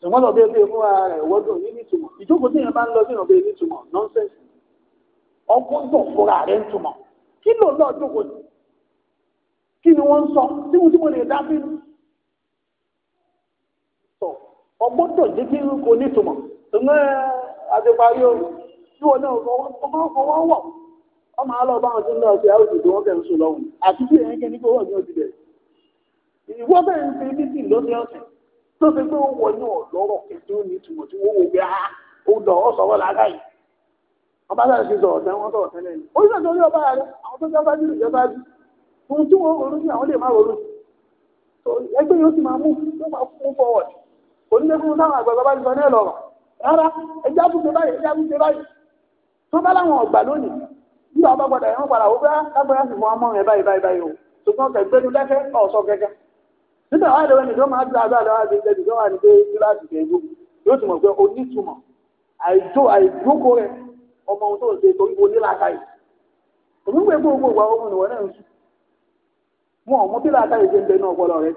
Speaker 1: ṣùgbọ́n lọ bẹ́ẹ̀ bẹ́ẹ̀ fún ààrẹ ìwọ́dún ní ìtumọ̀ ìjókòó tí èèyàn bá ń lọ bẹ́ẹ̀ bẹ́ẹ̀ ní ìtumọ̀ nọ́ńsẹ̀nsì ọgbọ́n tó fúnra rẹ̀ ń tumọ̀ kí ló lọ́ọ́ jókòó kí ni wọ́n ń sọ tí mo tí mo lè dá sí i. sọ ọgbọ́dọ̀ jẹ́ kí kò ní ìtumọ̀ ṣùgbọ́n àtìparí o tí wọn náà ọmọ ọwọ́ wọ̀ ọmọ àlọ́ báwọn tí ń lọ sí àwùjọ tí wọ́n fẹ́ ń sùn lọ́wọ́ àti bí ẹ̀yìn kẹ́ni kó wọ̀ ní òbí bẹ̀rẹ̀. ìwọ bẹ́ẹ̀ ń fi bíbí lóde ọ̀sẹ̀ tó fi pé ó wọ inú ọ̀lọ́rọ̀ ètò ìtumọ̀ tí wọ́n wò pé ah, ó lọ ọ̀sọ̀rọ̀ lágáyìí ọba náà ti sọ̀rọ̀ tẹ́wọ́n sọ̀rọ̀ tẹ́lẹ̀ ohun tí wọ́n ronú ní àwọn lè má ronú ẹgbẹ́ yóò sì máa mú yóò máa mú forward onílẹ̀kùn táwọn àgbàgbà bá sọ ní ẹ̀ lọ́rọ̀ rárá ẹjẹ́ àbúṣe báyìí ẹjẹ́ àbúṣe báyìí tó bá láwọn ọ̀gbà lónìí bí wàá bá gbọdọ̀ ẹ̀wọ̀n padà wọ́n bá ah, lágbára sì mọ amọ́ rẹ̀ báyìí báyìí báyìí o ṣùgbọ́n kẹ̀ gbẹ́nu lẹ́kẹ́ ọ̀sọ́ gẹ́gẹ́ nígbà wà lọ́wọ́ nìkan máa gba àgbà lọ́wọ́ àti ìjẹ́bi lọ́wọ́ àti pé kíláàsì kẹ́gbó yóò tún mọ̀ pé onítùmọ̀ àìjó àìdúrókò rẹ̀ ọmọ ohun tó ń ṣe torí bo nílàkàyè òmùgbẹ́ gbogbo wa ohun ìwọ náà ń sùn wọn ò mú bí làákàyè ṣe ń bẹnu ọpọlọ rẹ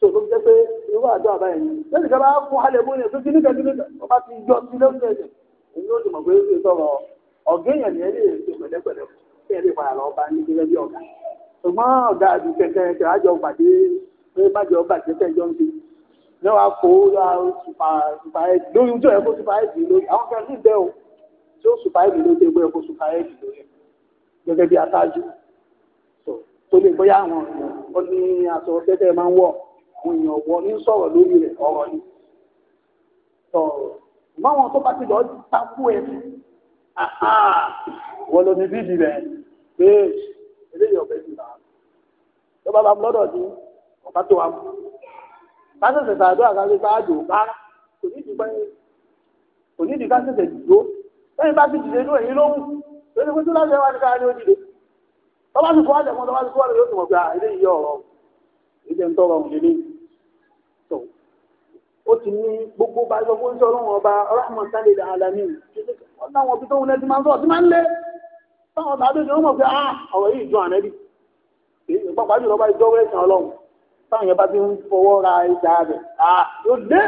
Speaker 1: tó tó jẹ pé irú àdó àbá yẹn lẹ́nu ìjọba fún alẹ́mú ni èso kíníkà kíníkà ọba ti yọ sí lẹ́nu ẹ̀jẹ̀ òun yóò dì mọ̀ pé ó sọ̀rọ̀ ọ̀gá èèyàn ní ẹni èso pẹ̀lẹ́pẹ̀lẹ́ kí ẹni padà lọ bá ní gẹ́gẹ́ bí ọ̀gá ṣùgbọ́n ọ̀gá àti kẹ̀kẹ́ kẹ̀ àjọ pàdé pé májọ bàjẹ́ tẹ̀jọ́ ń bi ní wàá kó lórí ojú ẹ̀kọ́ supáyẹ̀dì lórí àwọn kan ní ìbẹ́ o tí lórí ẹgbẹ́ ẹ̀kọ́ tó lè bóyá àwọn èèyàn ó ní aṣọ tẹ́tẹ́ máa ń wọ̀ àwọn èèyàn wọ ní sọ̀rọ̀ lórí rẹ̀ ọ̀rọ̀ ni sọ̀rọ̀ báwọn tó bá ti lọ takú ẹ̀ wọ́n ló ní bíbí rẹ̀ pé eléyìí ọ̀bẹ ti bàá tó bá bá mú lọ́dọ̀ sí ọ̀ká tó wa mú kásẹ̀sẹ̀ sàdúrà kásẹ̀ sáájò kára kò ní ìdí pẹ́yìn kò ní ìdí kásẹ̀sẹ̀ dìgbò lẹ́yìn bá ti dìde lóyìn lóhùn lórí pé tó láti ẹwà ní kára ní ó dìde tọ́ba ti kọ́ àjẹ́ mọ́ tọ́ba ti kọ́ àjẹ́ yóò tún mọ̀ pé à ilé yìí ọ̀rọ̀ ìdè ń tọrọ òun lélẹ́yìn tó ó ti ní gbogbo bá sọ fún sọ lọ́wọ́ ọba rahmatan lil alamin ọ̀làwọn ibi tó ń lẹ́sìn máa ń sọ ọ̀sìn máa ń lé táwọn ọ̀tá àbẹ̀jọ́ wọn mọ̀ pé à ah, ọ̀rọ̀ yìí jọ ànẹ́bí pàpà jùlọ bá ìjọ wẹ́sàn ọlọ́run táwọn yẹn bá ti ń fọwọ́ ra ìjà rẹ̀ à ah, yóò dé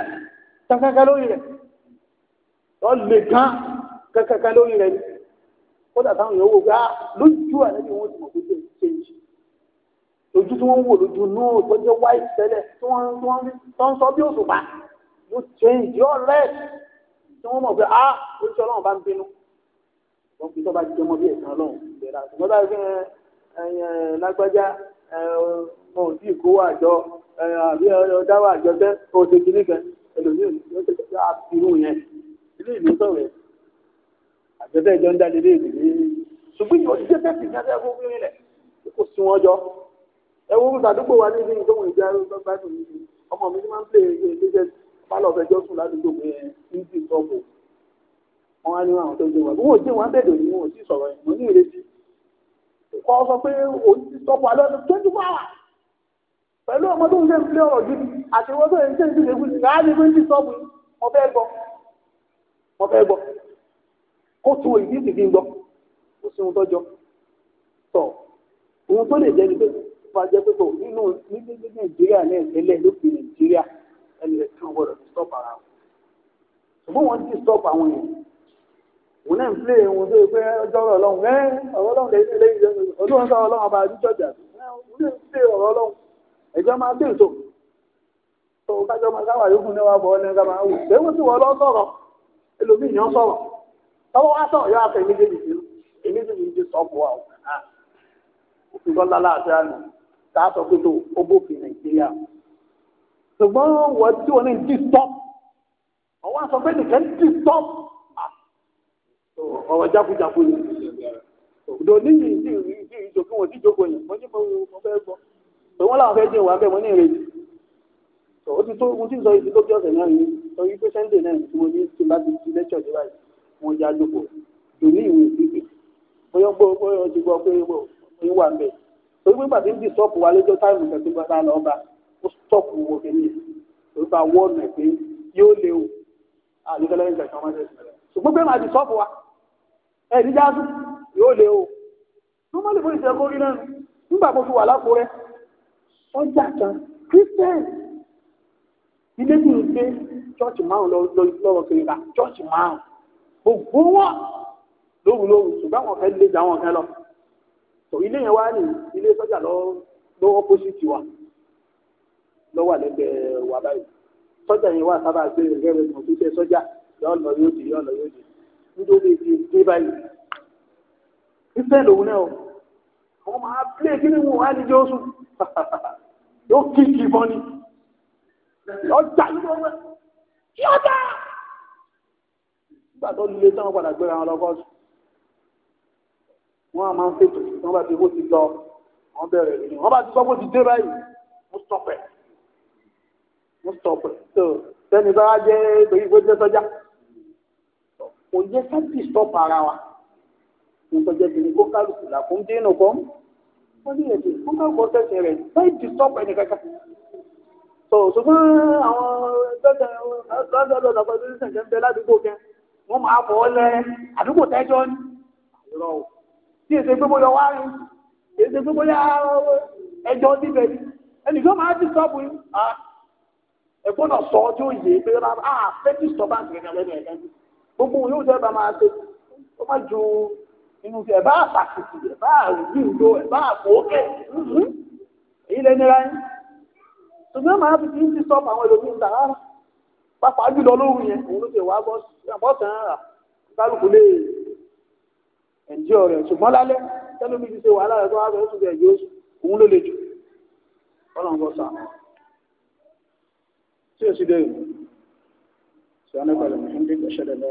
Speaker 1: kankankan lórí rẹ̀ yóò lè kán kankankan lórí rẹ̀ ni kódà táwọn èèyàn wò pé lójú àlejò wọn ti mọ̀ pé ṣe ń ṣe ojú tí wọ́n wò lójú náà tó jẹ́ white tẹ́lẹ̀ tí wọ́n tó ń sọ bí òṣùpá ló change your red tí wọ́n mọ̀ pé a oṣù ọlọ́run bá ń bínú wọ́n fi tọ́ bá jẹ́ mọ́ bí ẹ̀sán ọlọ́run ìlera ṣùgbọ́n bá fi lágbájá wọn ò tí ì kówó àjọ àbí ọ̀dáwọ̀ àjọ tẹ́ òṣèkìní kan ẹlòmíràn ló ń tẹ̀síwájú àbí irú yẹn ilé ìlú sọ̀rọ̀ yẹn àtẹ̀tẹ̀ ìjọ ń dá lélẹ́ ìdílé ṣùgbọ́n ìjọ ti tẹ́tẹ́ sí ìjọ ẹ̀fọ́ fún ilẹ̀ tí kò sí wọn jọ ẹ̀wọ́ àdúgbò wa níbi ìjọba ìjà báyìí nìyí ọmọ mi máa ń pè é ṣe jẹ́ pálọ̀ fẹjọ́ sùn ládùúgbò pé ń sì sọ́ọ̀bù wọn á ní àwọn tó gbé wọn wọn ò jẹ́ wọn bẹ̀rẹ̀ ni wọn ò sì sọ̀rọ̀ ìmọ̀ ní ìrètí kọ́ sọ pé o ti sọ́ọ̀bù alẹ́ ọdún twenty four hours pẹ̀lú ọmọ tó ń ṣe ń fi ọ̀rọ̀ gidi àti wọ́n tó ń ṣe ń ṣe ìṣègùn kó tún èyí sì fi ń gbọ́ kó sí ohun tọ́jọ́ tọ̀ ohun tó lè jẹ́ ni pé jẹ́ pé tó nínú nílé nàìjíríà náà tẹ́lẹ̀ lókè nàìjíríà ẹni rẹ̀ tí wọ́n gbọ́dọ̀ ti stop ara wọn ṣùgbọ́n wọ́n ti stop àwọn yẹn òun náà ń pè é wọn tó yẹ pé ọjọ́ ọ̀rọ̀ ọlọ́run ẹ ọ̀rọ̀ ọlọ́run lẹ́yìn lẹ́yìn ọdún ọ̀sán ọlọ́run ọba àdújọ́jà òun náà ń pè é ọ̀rọ̀ ọlọ́run ẹ̀jọ́ máa dé ètò tọ́wọ́ wá sọ̀rọ̀ yóò afẹ́ méjèèjì sí èmi sì ti sọ́ọ̀bù wa ọ̀sán náà ah, òfin lọ́la láàṣẹ àná tá a sọ pé tó o bófin nàìjíríà ṣùgbọ́n wọ́n tí wọ́n ní ti sọ́ ọwọ́ àsọ pé nìkan ti sọ́ ah, ọ̀rọ̀ jákujàku ni òdò níyì tí ìrìndì ìjòkó wọn ti jókòó yẹn wọ́n ní mo fẹ́ gbọ́ pé wọ́n làwọn fẹ́ dín ìwà bẹ́ẹ̀ wọ́n ní ìrètí ó ti tó mo ti sọ ìdí tó bí ọ̀sẹ̀ náà ni sọ wípé sẹ́ńdẹ̀ náà ni mo ní ti bá ti ti lẹ́tọ̀ ìjọba wọ́n já lóko ìní ìwé ìdíje bóyá gbọ́ bóyá wọ́n ti gbọ́ pé wọ́n wà ń bẹ̀ torí pé gbàtí ń di sọ́ọ̀pù wa lẹ́jọ́ táìmù kẹ́tí bá lọ bá ó sọ́ọ̀pù wo kẹ́ni torí bá wọ́ọ̀nù ẹ̀ pé yóò lé o àdìgẹ́lẹ́ ń gbẹ̀sán wọn ṣùgbọ́n pé màá di sọ́ọ̀pù wa ẹ̀ ní jáàsù yóò lé o normally bó ìṣẹ́ kórí náà nígbà tó fi wà lápò rẹ ọjà kan christian ilé tí ń gbé chọ́ọ̀chì márùn-ún lọ́wọ́ kiri ká chọ́ọ̀chì márùn-ún gbogbo wọn lówùlówù ṣùgbọ́n àwọn kan lè jà wọn kan lọ tó ilé yẹn wá ní ilé sọ́jà lọ́wọ́ pósìtì wa lọ́wọ́ àlẹ́gbẹ̀ẹ́ wà báyìí sọ́jà yẹn wà sábà gbé gẹ́gẹ́ bí òṣìṣẹ́ sọ́jà yọ lọ yóò di yọ lọ yóò di nítorí ti dé báyìí ìfẹ́ lòun náà wọ́n máa plé kí ni wọ́n wá ní jọ́sù yóò kíkì bọ́ ni ọjà yìí lọ́wọ́ yọjà nígbà tó lé táwọn padà gbéra wọn lọ́kọ́ sùn wọ́n á máa ń fètò tí wọ́n bá ti kó ti lọ wọ́n bẹ̀rẹ̀ ní wọ́n bá ti sọ pé ó ti dé báyìí wọ́n stọpẹ̀ wọ́n stọpẹ̀ tó sẹ́ni bá jẹ́ èyí tó jẹ́ sọ́jà kò jẹ́ sábì stọpù ara wa nǹkan jẹ́ kìíní kó kálukú là kó ń dé nù kọ́ wọ́n ní èdè kó kálukú tẹ̀sẹ̀ rẹ̀ báyìí ti stọpù ẹni kankan tó ṣùgbọ́n àwọn tẹ̀sẹ̀ lọ́dọọdọ lọ́dọọdọ wọ́n máa bọ̀ ọ́ lẹ́ àdúgbò tẹ́jọ́ ní àwòrán o tí èsè gbogbo yọ wá rí èsè gbogbo yá ẹjọ́ níbẹ̀ ẹnì tó máa ti sọ́ọ̀bù yìí ẹ̀gbọ́n náà sọ ọjọ́ yìí pé ó máa fẹ́ kí sọ́ọ̀bù àti kẹ̀kẹ́ lẹ́nu ẹ̀ka gbogbo òun yóò sẹ́ẹ̀bà máa ṣe ó máa ju inú fi ẹ̀bá àtàkùtì ẹ̀bá àrùbíǹdó ẹ̀bá àkókè mm-hmm. èyí lẹ́ni ra yín ṣùgbọ́n máa fi kí n ti sọ́ọ̀bù àwọn ẹlòmíín dà rárá pàápàá jùlọ lóhùn yẹn òun ló ti wá bọ́ọ̀sì ìyàbọ̀sán kálukú lè ẹ̀ǹdí ọ̀rẹ́ ṣùgbọ́n lálẹ́ tẹ́lómi ti ṣe wàhálà rẹ̀ tó wá sọ oṣù bẹ̀rẹ̀ yóò òun ló le jù ọlọ́run bọ̀ sàn tí o sì dé ìlú sàn nípa lẹ́nu ẹ̀ńdí ìgbẹ́sẹ̀ lẹ́nu